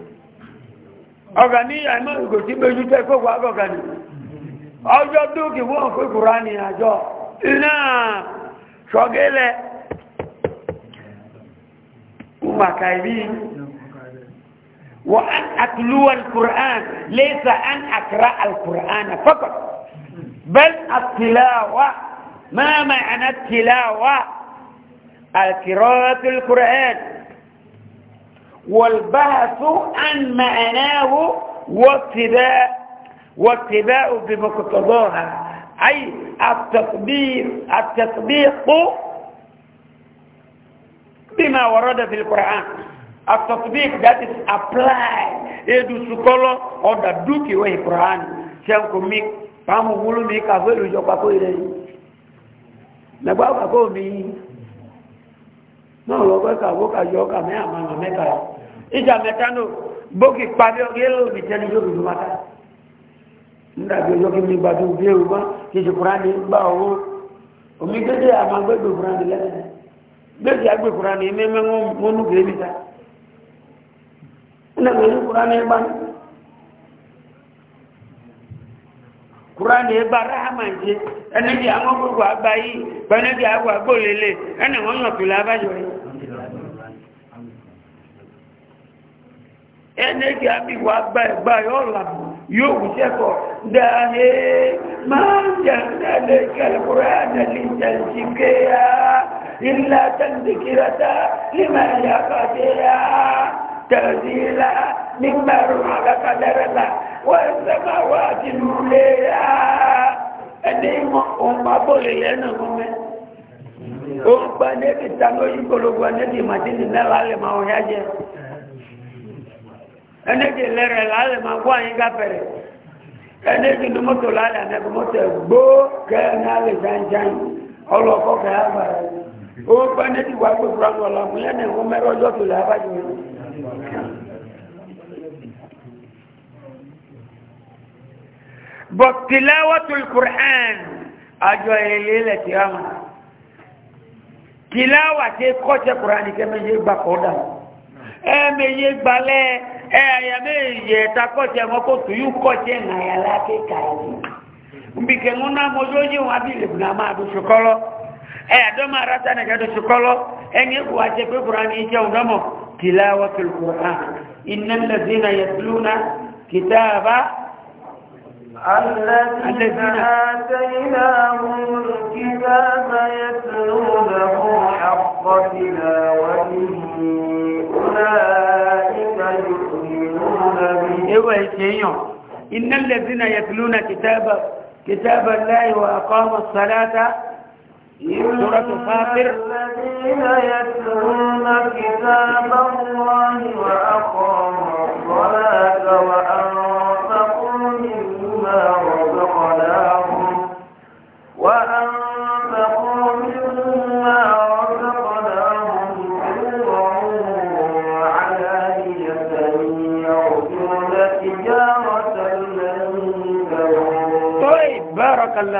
ọ̀gá ní àìmọ́ ìgò tí méjú tẹ́ kó wà gọ̀gá ni ọjọ́ dókè wọ́n fún ìkùrá ní àjọ náà ṣọ́gẹ́lẹ̀ umaka ibi wọ́n an àtúlúwà alkùrán lẹ́sà an àkàrà alkùrán fọ́kọ̀ bẹ́ẹ̀ àtìláwà máa máa àná tìláwà alkìrọ́ والبحث عن معناه واتباع واتباع بمقتضاها أي التطبيق التطبيق بما ورد في القرآن التطبيق that is applied edu sukolo oda duki we Quran shanku mi pamu wulu mi ka velu jo pa ko ire na ba ko mi náà lọ pẹ́ kàwó ka ọkà mẹ́ àmàmà mẹ́ta rẹ̀ ìjà mẹ́ta náà bókì parí tẹ́lẹ̀ yóò fi nígbàgbé ọjọ́ kí mi bí ewu kúránì gbà owó omi gbégbé àmà gbégbé kúránì lẹ́nu gbégbé àgbé kúránì mẹ́mẹ́ wọn nù kéé níta nígbàgbé ní kúránì gbà kúránì gbà ráhàmà ń ṣe ẹni bí àwọn gbogbo pẹ̀lú bí àwọn àgbò lélẹ̀ ẹni wọ́n yàn ẹni kí a bí wà gbá ẹgbá yọ́la yóò wù sẹ́kọ̀ dáhé máa ń jẹ́ ẹ̀lẹ́ kẹlẹ̀kùrẹ́ ẹ̀nẹ̀lì tẹ̀síké yá ilá tẹ̀síkírẹ́ta nígbà ìyàkọ̀dé yá tẹ̀sílá nígbà rùn àkàkàdẹ́rẹ́lá wọ́n sẹ́kọ̀ wà ti lulẹ̀ yá ẹni mọ̀ òun bá bọ̀lẹ̀ lẹ́nu mọ́mẹ́ ó ẹnẹ́jì lẹ́rẹ̀ láàrẹ̀ máa wá yín gáfẹ̀rẹ̀ ẹnẹ́jì ní mọ́tò láàrẹ̀ àmẹ́kù mọ́tò gbó kẹ́ẹ̀ẹ́ náà lè jáńjáń ọlọ́kọ́ kẹ́ẹ̀ àgbàrá ó gbá ẹnẹ́jì wá gbé fúráńgọ̀ làmú lẹ́nà ẹ̀wọ́n mẹ́rọ ọjọ́ tó lè abájú wọn. bọ̀tìlá wọ́tòlù kùrán àjọ ilé ilẹ̀ tí a mọ̀ tìlá wà tí kọ́ṣẹ́ kùrán ní gbà kọ́ dà ẹ̀mẹ́yẹ gbalẹ́ ẹ̀yà méje ẹ̀ta kọ́ṣẹ́ wọn kó tùyú kọ́ṣẹ́ nàyàlá kíkà yìí mbike ŋuna mojoji wa bile na ma du shukolo e adoma rata na gado shukolo enye wa je pe qur'ani je undamo tilawatul qur'an innal ladhina yatluna kitaba الذين آتيناهم الكتاب يتلونه حق تلاوته أولئك يؤمنون ewa ìṣẹ́yàn iná lẹ́sìnà yẹ̀tìlúnà kìtàbà láì wà سورة فاطر الذين يتلون كتاب الله وأقاموا الصلاة وأنفقوا مما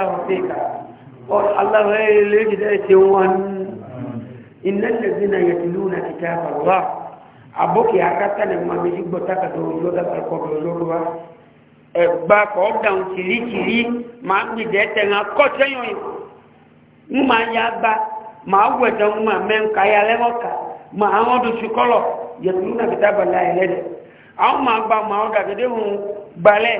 الله فيك الله يجد أتوان إن الذين يتلون كتاب الله أبوك يا كاتن ما بيجي بتاعك تقول له ده بالكوب له له ẹgbà kọ́ dáhùn tìrìtìrì máa ń gbìdẹ́ tẹ̀ràn akọ́tẹ́yàn yìí ń máa ya gba máa wẹ̀dẹ̀ ń máa mẹ́ǹkà ya lẹ́wọ́kà máa wọ́n dùn sí kọ́lọ̀ yẹ̀tùnú nàbìtà bàlá ẹ̀lẹ́dẹ̀ àwọn máa gba gbalẹ̀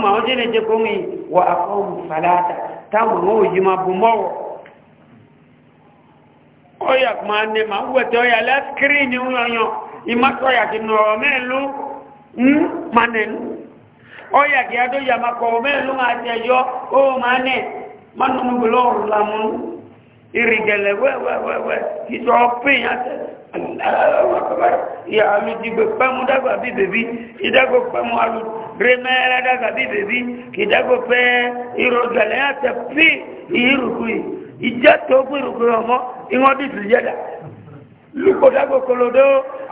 ma àwọn jẹ́ lẹ́jẹ́ kó mi wà àkọ́hùn fàlátà táwọn àwọn òyí máa bù mọ́wọ̀ ọyà máa nẹ máa wẹ̀tẹ̀ ọyà lẹ́skírínì yanyan ìmátọ́yà ti nà mẹ́lú máa nẹ̀nu ọyà kí adó kọ̀ yọ remẹ́rẹ́ dága bí bèbí kìdágbò pé ìrọ̀gẹ̀lẹ́ àti pí ìrùkú yìí ìjẹ́ tó ìrùkú ọmọ ìwọ́n dìtì jẹ́dà lùkọ̀dágbò kọlọ́dọ́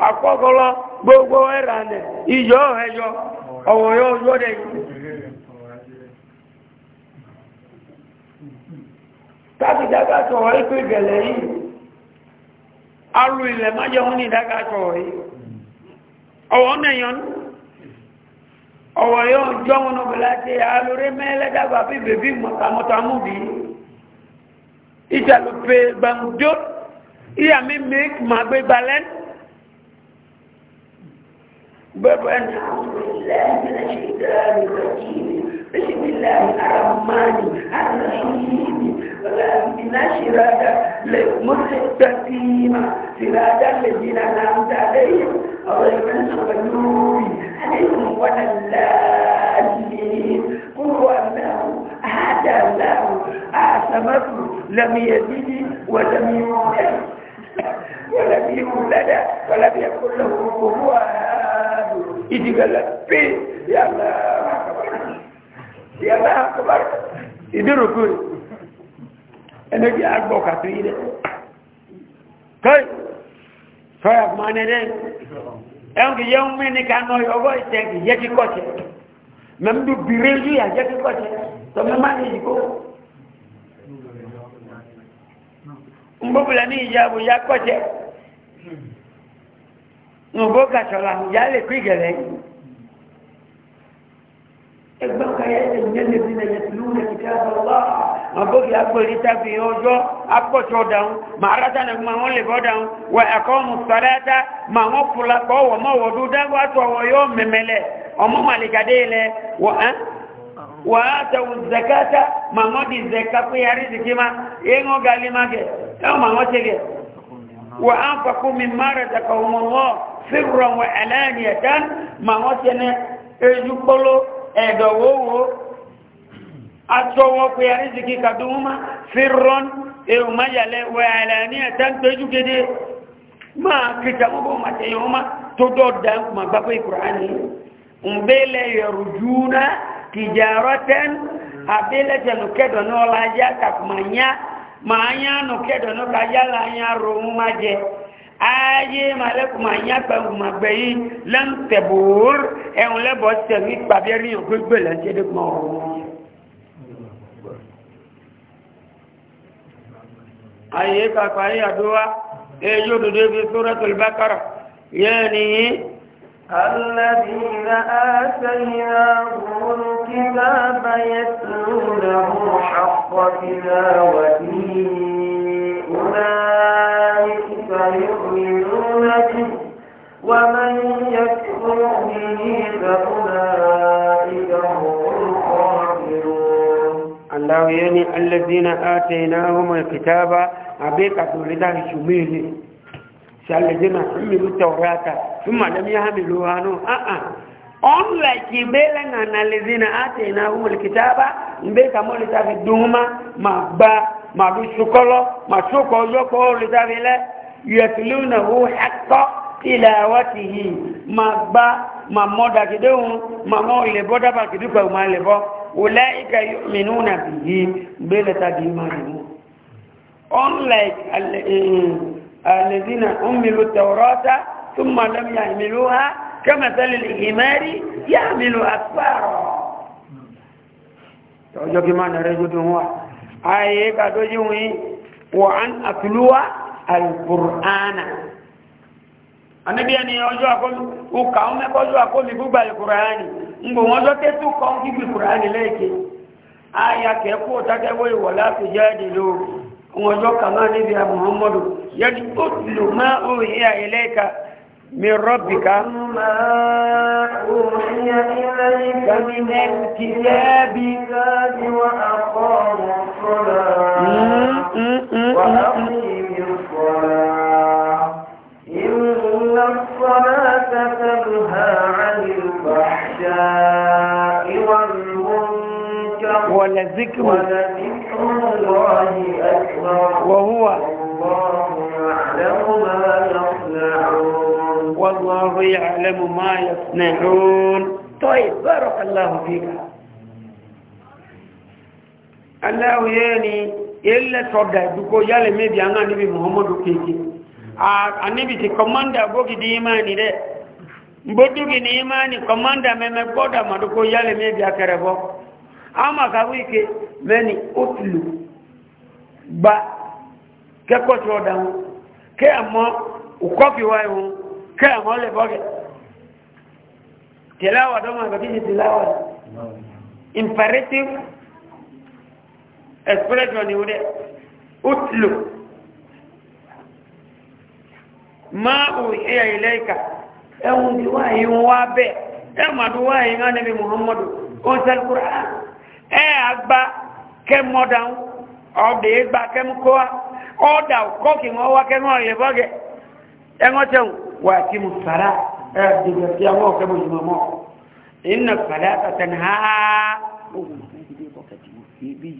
àkọ́kọ́lọ́ gbogbo ẹ̀rà nẹ̀ yi ọwọ́ yóò jọ wọn náà bẹ̀rẹ̀ àti alórí mẹ́lẹ́dàgbà bí bèbí mọ̀tàmọ́tàmú bí ìjàlùpẹ̀ gbàǹdó ìyá mi mèk màá gbé balẹ̀ bẹ́ẹ̀ ni ina shirada le mutakima shirada le jina na mtadai awaiman sabanuri alaihim wadallani kun wallahu ahada allahu asamatu lam yalidi wa lam yulad ولم يولد ولم يكن له كفوا احد ادغلا بي يا الله اكبر يا الله اكبر ادركوا ẹnẹ́bí agbọ́ kàtó yìí rẹ̀ kọ́ì sọ́yà fún anẹ́rẹ́ ẹ̀hún kì yẹ́ ń mí ní kaná ọwọ́ ìtẹ́ kì yẹ́ kí kọ́ṣẹ́ mẹ́mdú bìrẹ́ yìí yà jẹ́ kí kọ́ṣẹ́ tọ́mẹ́ má ní ìyíkó ń ní ìyá àbò kọ́ṣẹ́ ń kàṣọ́lá ìyá lè kú ìgẹ̀lẹ́ ẹgbẹ́ kan ẹ̀yẹ́ lè tìlú magogi agbori tafi ojo akpọtọ dahun marata na kuma wọn lebọ dahun wa akọmu salata ma wọn fula kọ wọ ma wọ du dangu atọ wọ yọ mẹmẹlẹ ọmọ malikade lẹ wa ẹn wa eh? atawu zakata ma wọn di zaka pe yari ziki ma ye ŋo gali ma kẹ ẹn ma wọn tẹgẹ wa an faku mi mara zaka wọn wọ firan wa alaniya tan ma wọn tẹnẹ eju kpolo ẹdọ wo atọwọ́ pé àríṣìkí kàdúnmá fírọ́n èèyàn má yàlẹ̀ wẹ̀ẹ̀lẹ̀ ní ẹ̀tẹ́ ma tẹ́jú gẹ́dẹ́ máa kìtà gbogbo màtẹ̀ yóò má tó dọ́ọ̀dá ma gbápẹ́ ìkùránì ń bẹ́lẹ̀ yọrù júúná tìjàrọ́tẹ́n àbẹ́lẹ̀tẹ̀nù kẹ́dọ̀ náà lájá kàkùmányá máa yá nù kẹ́dọ̀ náà kájá láyá rohun má jẹ ayé malẹ́kùmányá pẹ̀lúmàgbẹ́ yìí lẹ́ńtẹ̀bùr ẹ̀hùn lẹ́bọ̀ọ́ tẹ̀mí pàbẹ́rìyàn gbégbé lẹ́ńtẹ̀dẹ́gbọ̀n ọ̀rọ̀ wọn ayé kàkà ayé àdúwá ẹjọ́ dúdú bí sórẹ́tùl bákàrà yẹ́ ni yìí الذين آتيناهم الكتاب يتلونه حق تلاوته أولئك يؤمنون به ومن يكفر به فأولئك هم الله يعني الذين آتيناهم الكتاب أبيك تولده شميل الذين حملوا التوراة ثم لم يحملوها نو أه أه unlike mbele na lazina atainahum alkitaba mbeka mo litafi duma maba madusukolo masuko yoko litafi le yatlunahu haqqa tilawatihi maba mamoda kideu mamo ile boda ba kiduka umale bo أولئك يؤمنون به بلا إيمانهم unlike إيه، الذين أملوا التوراة ثم لم يحملوها كمثل الحمار يعمل أكبر توجه ما رجل هو آية كدوجه وعن أكلوا القرآن anabi ẹni ọjọ́ akọ́mi ọkà ọmọ ẹkọ́ ọjọ́ akọ́mi gbúgbà ìkùránì ngbò wọn jọ tẹ́tù kan gbígbì kùránì lẹ́ẹ̀kẹ́ ayà kẹ́kọ́ ya ìwọ̀ láti jáde ló wọn jọ kàmá níbi muhammadu yẹni ó lò má òye àìlẹ́ka mi rọ́bìkà. má الصلاة تنهى عن الفحشاء والمنكر ولذكر ولذكر الله أكبر وهو والله يعلم ما يصنعون والله يعلم ما يصنعون طيب بارك الله فيك الله يعني إلا صدق يا لمي بيانا نبي محمد كيكي anibi ti komanda bogi di imani de mbodugi ni imani komanda meme boda maduko yale mebi akerebo ama kawike meni utlu ba ke ko choda ke amo ukopi wayo ke amo le boge tilawa doma ngabiji tilawa imperative expression ni ude utlu ma uhiya ilaika ẹ̀hùn bí wà yí wá bẹ́ ẹ̀màdú wà yí wọ́n níbi muhammadu ó sẹ́lẹ̀ kúrán ẹ̀ àgbà kẹ́mọ́dà ọ̀dẹ̀ ìgbà kẹ́mùkọ́wà ọ̀dà kọ́kì wọ́n wá kẹ́mọ́ ìyẹ̀bọ́gẹ̀ ẹ̀wọ́n tẹ̀wọ̀n wà tí tí ha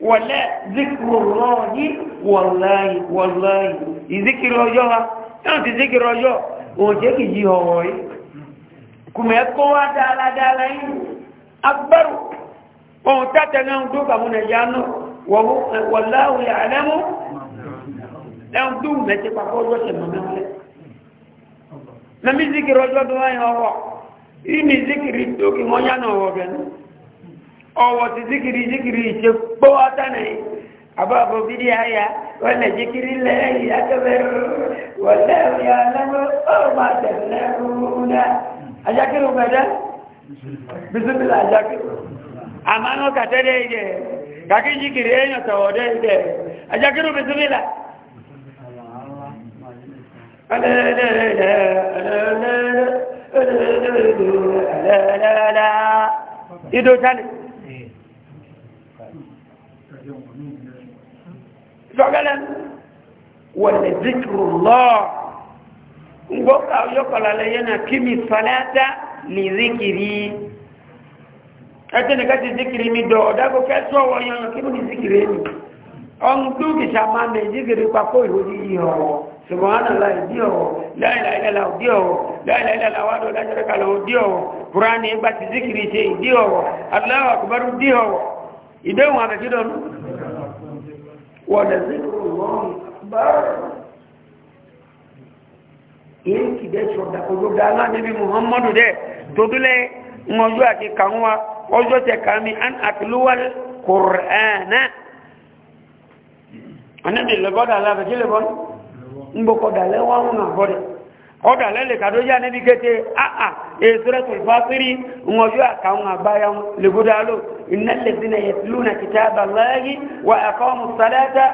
wọlé zikiru lọ́ọ̀dí wọláyì wọláyì ìzikiri ọjọ́ wa náà ti zikiri ọjọ́ òjé kì yí ọwọ́ yìí kùmẹ̀ kó wá dáadáa yìí agbẹ́rù ohun tẹ́tẹ̀ náà ń dúkà mú nàìjíríà náà wọláwù yà lẹ́mú lẹ́hùn dùn mẹ́tí papọ̀ ọjọ́ tẹ̀ mọ́ mẹ́lẹ́ mẹ́mí zikiri ọjọ́ tó wáyé ọwọ́ yìí ni zikiri tó kí wọ́n yá ọwọ́ bẹ́ẹ̀ náà ọwọ́ ti zikiri zikiri ṣe gbọ́ ọ́tánà yìí àbábọ̀ bídí àyà wọ́n lè zikiri lẹ́yìn akẹ́bẹ̀rẹ̀ wọ́n lẹ́yìn alẹ́mọ́ ó máa tẹ̀lé rúnà ajákìrì mẹ́dẹ́ bisimilá ajákìrì àmà ń kàtẹ́ dẹ́ ìdẹ́ kàkí zikiri ẹ̀yàn tọ̀wọ̀ dẹ́ ìdẹ́ bisimilá. Ido tani. sọ́gẹ́lẹ́ wọ̀lẹ̀ zikiru lọ́ ngbọ́ka yọkọ̀lá lẹ́yìn náà kí mi sọ́lẹ́ta lè zikiri ẹtẹ́ni ká ti zikiri mi dọ̀ ọ̀dágbó kẹ́sọ́ wọ̀nyọ̀nyọ̀ kí mi zikiri mi ọ̀hún tó kì sàmà mi zikiri papọ̀ ìwé yìí ọ̀wọ̀ subhanallah ìdí ọ̀wọ̀ láìláìlá òdí ọ̀wọ̀ láìláìlá wàdó lájẹ́rẹ́kàlà òdí ọ̀wọ̀ kúránì ẹgbà ti zikiri ṣe ìdí ọ̀wọ̀ aláwọ̀ àkùbárù dí ọ̀wọ̀ ìdéhùn àbẹ̀kídọ̀nù ولذكر الله أكبر yéèkì dẹ́ ṣọ̀dá ojú dáná níbi muhammadu dẹ́ tóbílẹ̀ ọjọ́ àti kànwá ọjọ́ tẹ kàmí an àtìlúwàl kòránà anábì lẹ́bọ́dà alábẹ̀ tí lẹ́bọ́n lẹ́wọ́n lẹ́lẹ̀ إن الذين يتلون كتاب الله وأقاموا الصلاة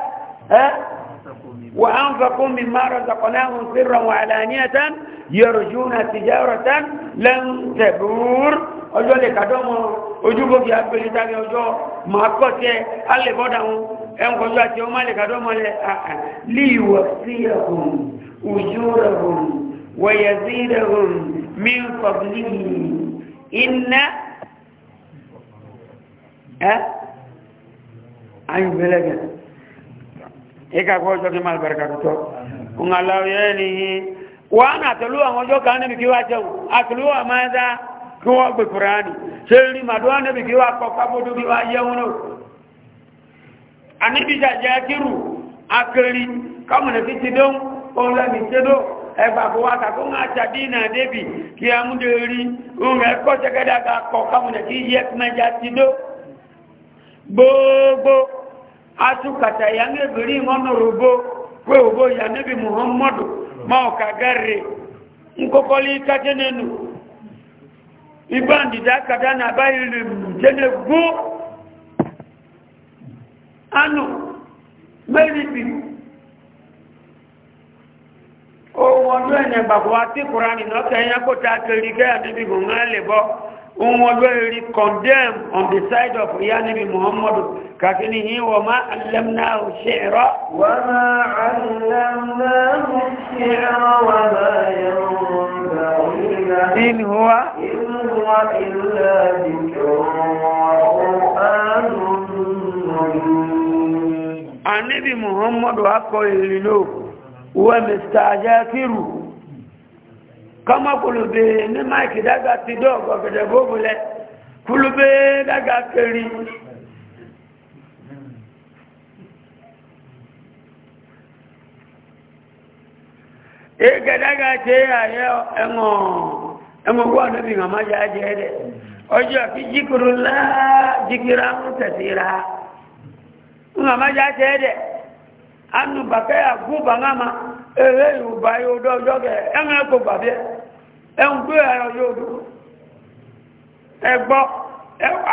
وأنفقوا مما رزقناهم سرا وعلانية يرجون تجارة لن تبور ọjọ́ lè kàdọ́mọ ojúbókì agbèlítàrí ọjọ́ ma kọ́ tí ẹ alẹ́bọ́dàun ẹnkọjú àti ọmọ lè kàdọ́mọ lẹ àà líwọ̀ sí ẹ̀hùn ojú ẹ̀hùn wọ̀yẹ̀ sí ẹ̀hùn mí fọ̀bílì iná ẹ́ ayùn mẹ́lẹ́gẹ̀ ìkàkọ́ ọjọ́ kí máa bẹ̀rẹ̀ kàtọ́ ń aláwọ̀yẹ́ ni wà á nà tẹ̀lú àwọn ọjọ́ kan níbi kí wá jẹun àtẹ̀lú wà máa dá kí wọ́n gbè kùránì ṣe rí màdúwà níbi kí wá kọ kábódú kí wá yẹun náà àníbíjà jẹ́ kírù akiri kọ́mùnà fi ti dóhùn òun lẹ́mìí ṣe dóhùn ẹgbà kò wá kàkó ń àjàdí náà débì kí amúdérí ń rẹ kọ́ ṣẹ́gẹ́dàgà kọ̀ kámúnà kí yẹ mẹ́jà ti dó gbogbo atukata ya n'ebiri mọ́nụrụ ugbo kwe ugbo ya n'ebi muhammadu ma ọka gari nkokoli kajenenu igba ndịda akada na abalị jene gbu anụ meribi ohun ọdún ẹ̀nẹ̀gbàgbọ́ àti kùránì lọ́kẹ̀ẹ́yẹ́ kó ta kiri kẹ́ àdébìgbò ń lè bọ́ òun ọlọ́rin rí condemn on the side of yanibi Muhammad. kàkí ni yí wọ máa alẹ́mná ṣe ẹ̀rọ wọ́n máa alẹ́mná ṣe ẹ̀rọ wà máa yẹ̀rọ Anibi Muhammadu akọ ìrìnlò, wọ́n mẹ́ta ajá kírù kọ́mọ́ kulùbé ní máìkì dága ti dọ́ ọ̀gọ̀gẹ̀dẹ̀ gbogbo lẹ dága kiri ege dága ṣe àyẹ ẹ̀wọ̀n wọ́n níbi ìhàn máa jẹ́ ẹ̀dẹ̀ ọjọ́ kí jíkìrù jíkìrà ń tẹ̀síra ma ẹ̀hùn pé ẹ̀rọ yóò dúró ẹgbọ́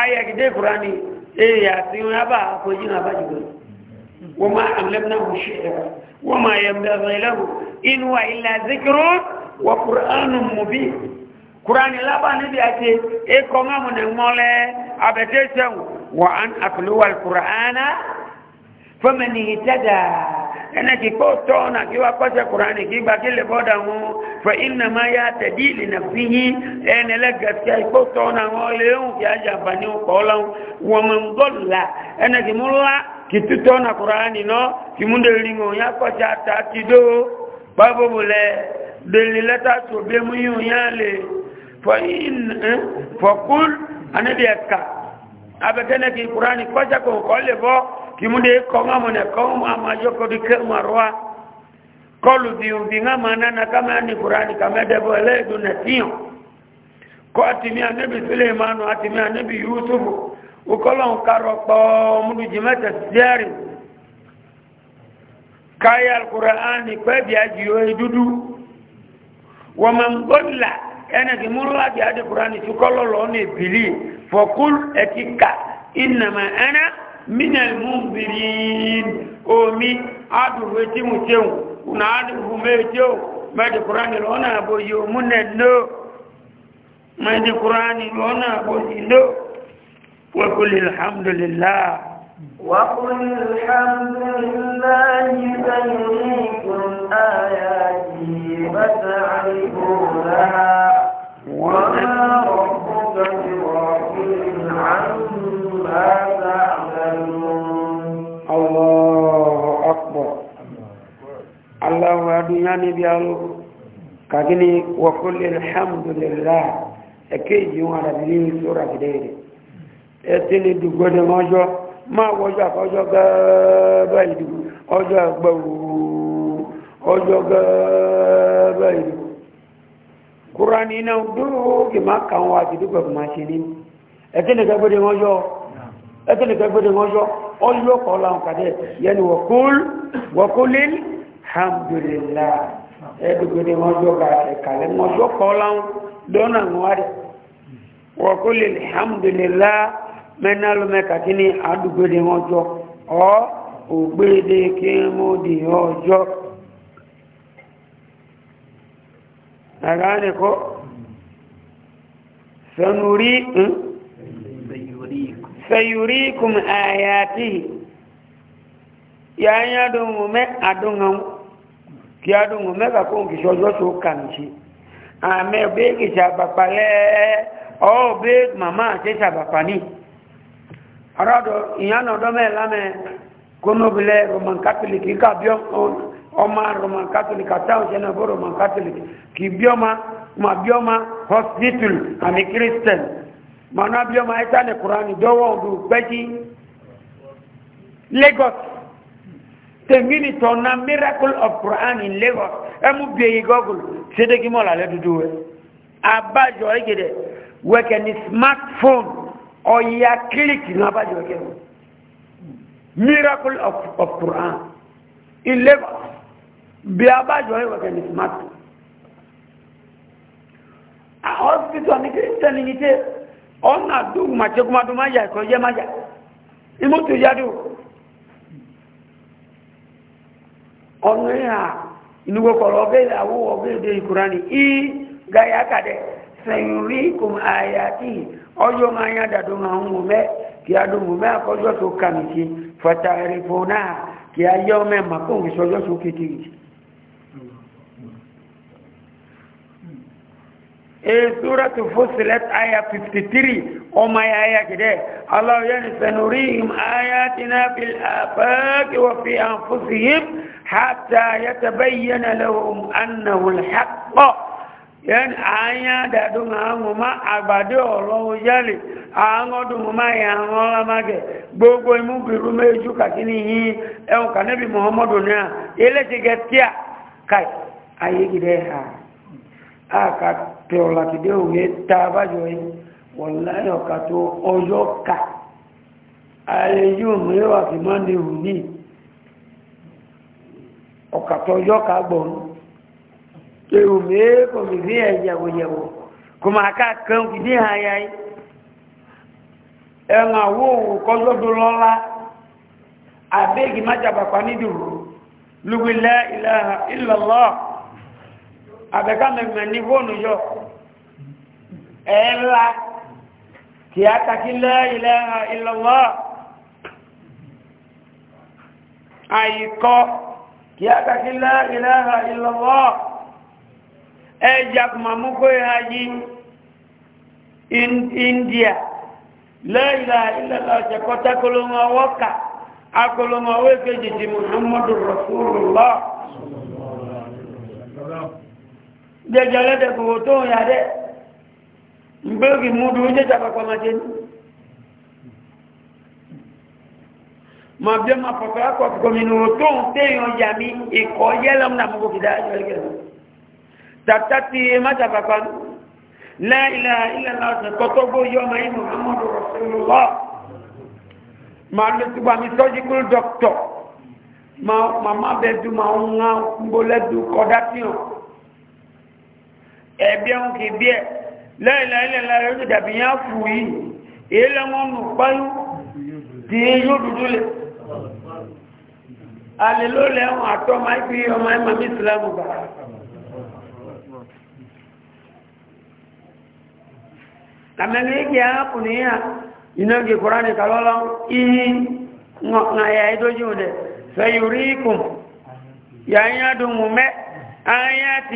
ayẹ̀gidé ìkùránì èyí àti wọn bá àfojú náà bá jùlọ wọ́n máa àmìlẹ́bìnà wọ́n ṣe ẹ̀rọ wọ́n máa yẹ mẹ́rin ìlẹ́wò inú wa ilẹ̀ zikiru wọ kùránù mùbí kùránì lábà níbi àti ẹkọ mọ́mùnì mọ́lẹ̀ abẹ́tẹ́sẹ̀wò wọ́n àpìlúwà kùránà fọ́mẹ́ni ìtẹ́dàá ene kiko tona kiwa kosa Qur'ani kiba kile boda mu fa inna ma ya tadili nafsihi ene la gaskiya kiko tona ngole un ya jabani ko la wa man dalla ene kimulla kitutona Qur'ani no kimunde lingo ya kosa ta tido babo bule deli leta to be mu yun ya le fa in fa qul anabi akka abetene ki Qur'ani kosa ko ko le bo kimunde konga mone konga majoko dike marwa kolu biumbinga manana kama ni Qur'ani kama debo ele dunatio ko atimia nabi Suleiman atimia nabi Yusuf ukolon karopo mudu jimata siari kaya alqur'ani kwa biajiyo dudu wa man dhalla ene kimurwa biadi Qur'ani tukololo ne bili fakul etika inama ana minal munzirin omi adùnfẹ́ tí mo jẹun ọ̀nà adùnfẹ́ méjèun mẹ́dì kúránì lọ́nà àbòyí òmúnẹ̀ náà mẹ́dì kúránì lọ́nà àbòyí náà وقل الحمد لله وقل الحمد لله سيريكم آياتي وتعرفونها وما ربك بغافل هذا أعلمون الله أكبر الله أدناني بيالو كاكني وكل الحمد لله أكيد يوم على بلين سورة كديري أتني دقود موجو ما وجو أجو غابي أجو أكبر أجو غابي قرآن إنه دوغي ما كان واجدوك بماشينين ẹ̀tí lè gbẹ́gbẹ́dẹ̀ wọ́n yọ́ ẹgbẹ́ nìkan gbọ́dọ̀ wọ́n yọ ọyọ́ kọ́ láwọn kàdẹ́ yẹni wọ́kúlín hàmdùlélà ẹgbẹ́gbẹ́dẹ́ wọ́n yọ kàlẹ́ wọ́n yọ kọ́ láwọn dọ́nà wọn rẹ̀ wọ́kúlín hàmdùlélà mẹ́nàlùmẹ́ kàkíní àdúgbẹ́dẹ́ wọ́n yọ fẹ̀yùríkùn àyàtì yáyá dùnmù mẹ́ àdúnhàn kí á dùnmù mẹ́ kàkún kì ṣọjọ́ tó kàmìṣí àmẹ́ bẹ́ẹ̀kì ṣàbàpà lẹ́ẹ̀ ọ́ bẹ́ màmá àti ṣàbàpà ní ọ̀rọ̀dọ̀ ìyànà ọ̀dọ́mẹ́ lámẹ́ kónóbilẹ̀ roman catholic kíkà bí ọmọ roman catholic àtàwọn roman catholic kì bí hospital àmì christian mana bí ọmọ ẹta ní kùránì dọ́wọ́ ọdún gbẹ́jí lagos tẹ̀mínì tọ̀nà miracle of quran in lagos ẹmú bí èyí gọ́gùl sédégi mọ́lá lẹ́dúdú rẹ̀ abájọ ẹgẹ̀dẹ̀ wẹ̀kẹ̀ ní smartphone ọ̀yà kílìkì ní abájọ ẹgẹ̀ miracle of, of quran in lagos bí abájọ ẹwẹ̀kẹ̀ ní smartphone a hospital ní kírísítẹ́nì ní tẹ́ ọ dùn màtíkùmádùn má yà ẹ̀kọ́ yẹ má yà imótò yádò ọ̀nà ìhà ìnugbòkọ̀rọ̀ ọ̀gẹ́lẹ̀ àwọ̀ ọ̀gẹ́lẹ̀ ìkùránì ì gáyà kàdẹ̀ sẹ̀yìnrí kùn àyà ọjọ́ a dùn wò mẹ́ àkọ́jọ́ kí a yẹ́ ọmọ ẹ̀mà kóhùn سورة فصلت آية 53 وما آية كده الله يعني سنريهم آياتنا في الآفاق وفي أنفسهم حتى يتبين لهم أنه الحق يعني آية دادون هنوما أبدا الله جالي هنودون ما يهنولا ماك بوغو يمو بيرومي يجوكا كيني هي أو كنبي محمد ونيا إلا تجتيا كاي آية كده ها آه pé ọ̀la òwe tá jọ yìí wọ̀n láyé ọ̀ka tó ọjọ́ kà ààrẹ yóò mú fi máa ní ìhù ní ọ̀ka tó ọjọ́ kà gbọ̀n èrò mìíràn kò mí rí ẹ̀yẹ̀wòyẹ̀wò kò máa ká yìí àbẹ̀ká mẹ̀mẹ̀ ní fóònù yọ ẹ̀ẹ́lá kì á takí lẹ́ẹ̀lẹ́ ìlọ́wọ́ àyíkọ́ kì á takí lẹ́ẹ̀lẹ́ ìlọ́wọ́ ẹjà kùmàmúkó ìhàjí india lẹ́ẹ̀lẹ́ ìlọ́wọ́ ṣẹ̀kọ́tẹ́kọlọ́wọ́ wọ́kà akọlọ́wọ́ wẹ́kẹ́ jìjì muhammadu rasulullah jẹjẹ lẹ́dẹ̀kòwò tó ń yà dẹ́ ìgbéògì múdú ń jẹjà pàpà máa ṣe ní ma bí ọmọ pàpà akọ̀ gọmìnà tó ń tẹ́yàn yà mí ikọ̀ yẹ́lọ́m náà mọ́ kòkìdá ẹgbẹ̀rẹ̀ rasulullah ma lè tùgbà mi surgical doctor ma ma bẹ́ẹ̀ dù ń ń gbólẹ́dù kọ́dá fihàn ẹ̀bí ẹ̀hún kì bí ẹ̀ lẹ́yìnlẹ́yìnlẹ́yìn lára ojú dàbí yá fù yìí èyí lẹ́wọ́n nù páyú tí yóò dúdú lẹ̀ àlèló lẹ́wọ̀n àtọ́ máa fi ọmọ ẹ̀mà mí ìsìlámù bá àmẹ́lẹ́ ìgbé ààpù níyà iná ní kalọ́lọ́ ya ìdójú rẹ̀ fẹ́ yà ń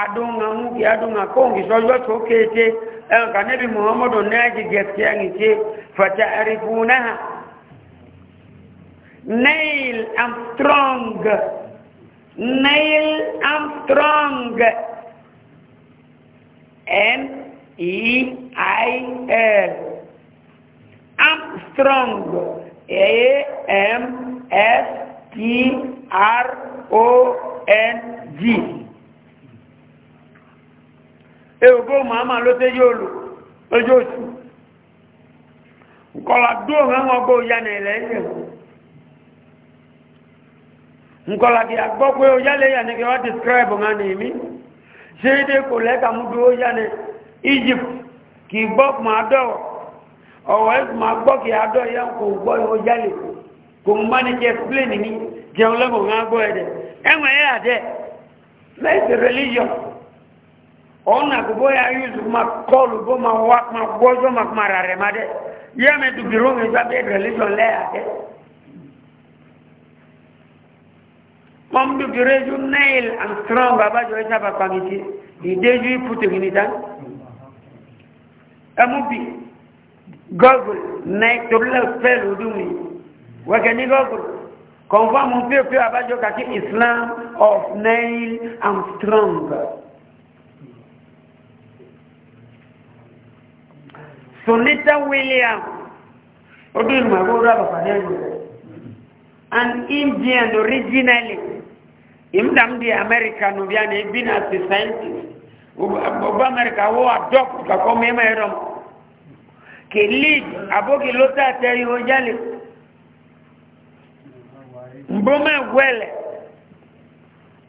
adunga mugi adunga kongi sojo tokete en kanabi muhammadu naji geftiangi ce fata'rifunaha Neil Armstrong Neil Armstrong N E I L Armstrong A M S T R O N G ewugo màmá ló tẹ́ yóò lò lójú òtù nkọ́la dúró ńlá ọgbọ́ òyà nà ẹ̀lẹ́ ẹ̀yẹ̀ kì í gbọ́ pé òyà lẹ́yà ni kí wọ́n describe ńlá nà èmi ṣé kò lẹ́ka mú egypt kì í gbọ́ ọ̀wọ́ ona kubo ya yuzu ma kọlu bo ma wa ma gbojo ma kuma rare ma de ya me du biro me ja be religion le ya ke mom du biro ju nail and strong baba jo ja ba pa mi ti ide ju pute ni dan amu bi google nai to le pelu du mi wa ke ni google confirm pe pe abajo ka ki islam of nail and strong Sonita william Odin Magura Bapadengo, an Indian originally, imdam di America nubiane been a scientist. Oba America wo adopt ka come merom. Ke lead aboki lota teri o jale. Mbome wele.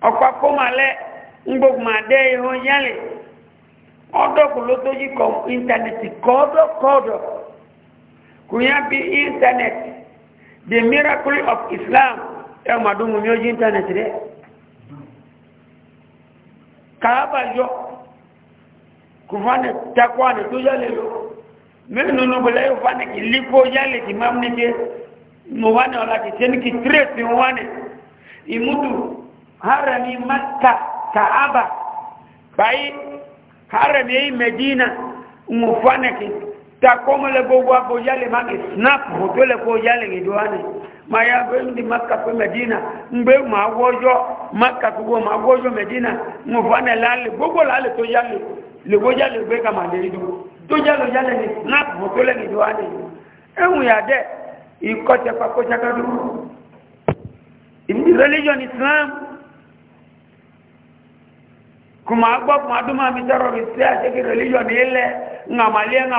Okwa ọdọkù ló tó yí kọ íńtánẹ́ẹ̀tì kọ́ọ̀dọ̀kọ́ọ̀dọ̀ kò yá bí íńtánẹ́ẹ̀tì the miracle of islam ẹ mà dùn mí ojú íńtánẹ́ẹ̀tì rẹ kàábà yọ kò fani takọ àná tó yálẹ lọ mẹ́rin nínú bẹ̀rẹ̀ yóò fani kì lípò yálẹ kì máa ní ké mo wá ọ̀la kì sẹ́ni kì tírèsì wá ní ìmúdù hàrẹ̀ ní mẹ́ta kàábà báyìí haram yìí medina mufanaki takoma le wa abo yale ma ke snap hoto le ko yale ke doane ma ya be ndi makka ko medina ngbe ma wojo makka ko ma wojo medina mufane lale gbogbo lale to yale le go yale gbe ka ma le do to yale yale ni snap hoto le ke doane ehun ya de ikote pa ko chakadu in religion islam kuma agbọ kuma duma mi terrorist ya ṣe ki religion yi lẹ nga malie nga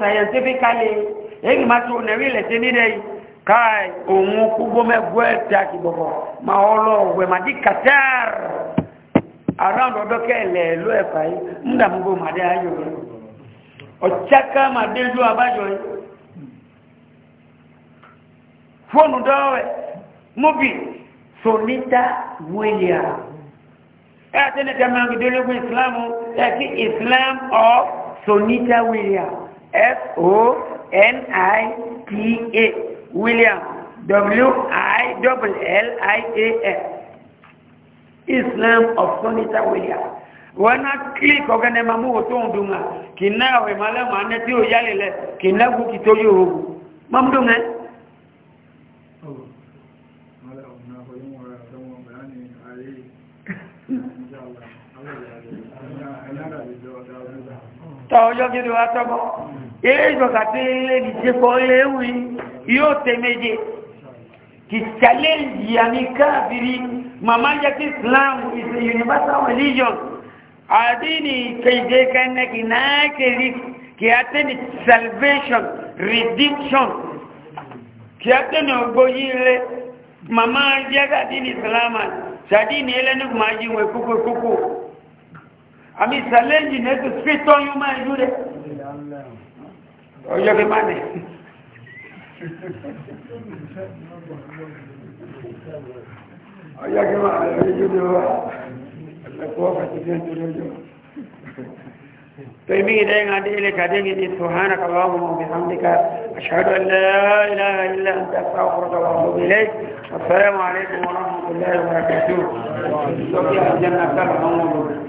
scientifically eyi ma tu ne wi lẹ kai òun kú ma ọlọ ma di around ọdọ ẹfà dàmú ma sonita williams. ẹ̀ẹ́tẹ́lẹ̀ tẹ́ máa ń gbẹ̀dẹ́ lógún islam ẹ̀kí islam of sonita william s-o-n-i-t-a william w-i-l-l-i-a-m islam of sonita william wọ́n náà kílík ọ̀gẹ́nẹ̀ máa múwò tó ń dùn à kì náà wẹ̀ máa lẹ́mọ̀ anẹ́ tí ó yálẹ̀ lẹ̀ kì náà gùn kì tó yóò rò mọ́mdùn ẹ́ tọ ọjọ́ gidi wa tọ́bọ̀ ẹ̀ẹ́dọ̀gà tí ilé ìdíje kọ́ ilé ewì yóò tẹ méje kì challenge yàmi káàbìrì Mama jẹ́ kí islam is a universal religion àdínì kejì kẹ́nẹ́ kì náà kiri kì á tẹ́ni salvation redemption kì á tẹ́ni ògbóyí ilé màmá jẹ́ kàdínì islam àdínì ẹlẹ́nu kùmájí wẹ̀ àmì ìsàlẹ̀ yìí nẹ́tù fítọ́ yóò máa yú rẹ̀ ọjọ́ bí máa nẹ̀ ọjọ́ bí máa rẹ̀ yóò ní wá ẹ̀kọ́ fàtíkẹ́ nítorí ọjọ́ طيب إذا أنت إليك أدين سبحانك اللهم وبحمدك أشهد أن لا إله إلا أنت أستغفرك وأتوب إليك والسلام عليكم ورحمة الله وبركاته.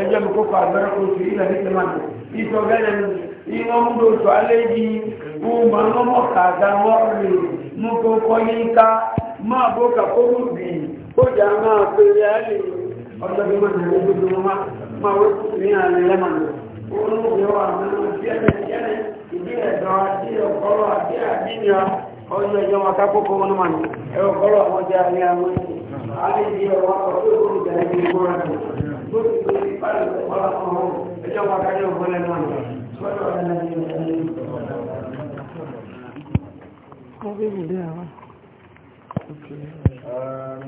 ẹjọ́ mi kó fàá lọ́rọ́ kó sí ilẹ̀ ní tẹ́mà ní ìtọ́ gẹ́lẹ́ ní ìwọ́n ń do oṣù alẹ́ di ọmọ ọmọ kàdá wọ́n rè mú kó kọ́ yín ká máa bó kà kó mú bì í ó jà máa pè é alẹ́ ọjọ́ bí wọ́n nàá lójú ló má máa wé kú ní alẹ́ lẹ́mà ní olóògbé wa nínú tiẹ́lẹ̀ tiẹ́lẹ̀ ìdí ẹ̀dọ́ ọjọ́ ìjọ wọn ká wọn mà ní ẹ̀rọ ọ̀kọ́rọ̀ àwọn jẹ́ alẹ́ àwọn àlejò ọ̀rọ̀ àkọ́kọ́ ìgbòho lórí lórí báyìí wọ́n á kọ́ ẹjọ́ wa kájọ́ ìwọlé náà sọ́dọ̀ ẹ̀ náà ní ẹ̀yìn. Okay. Um,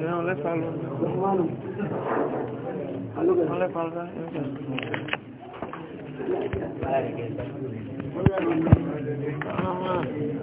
no, let's follow. Let's follow. Let's follow.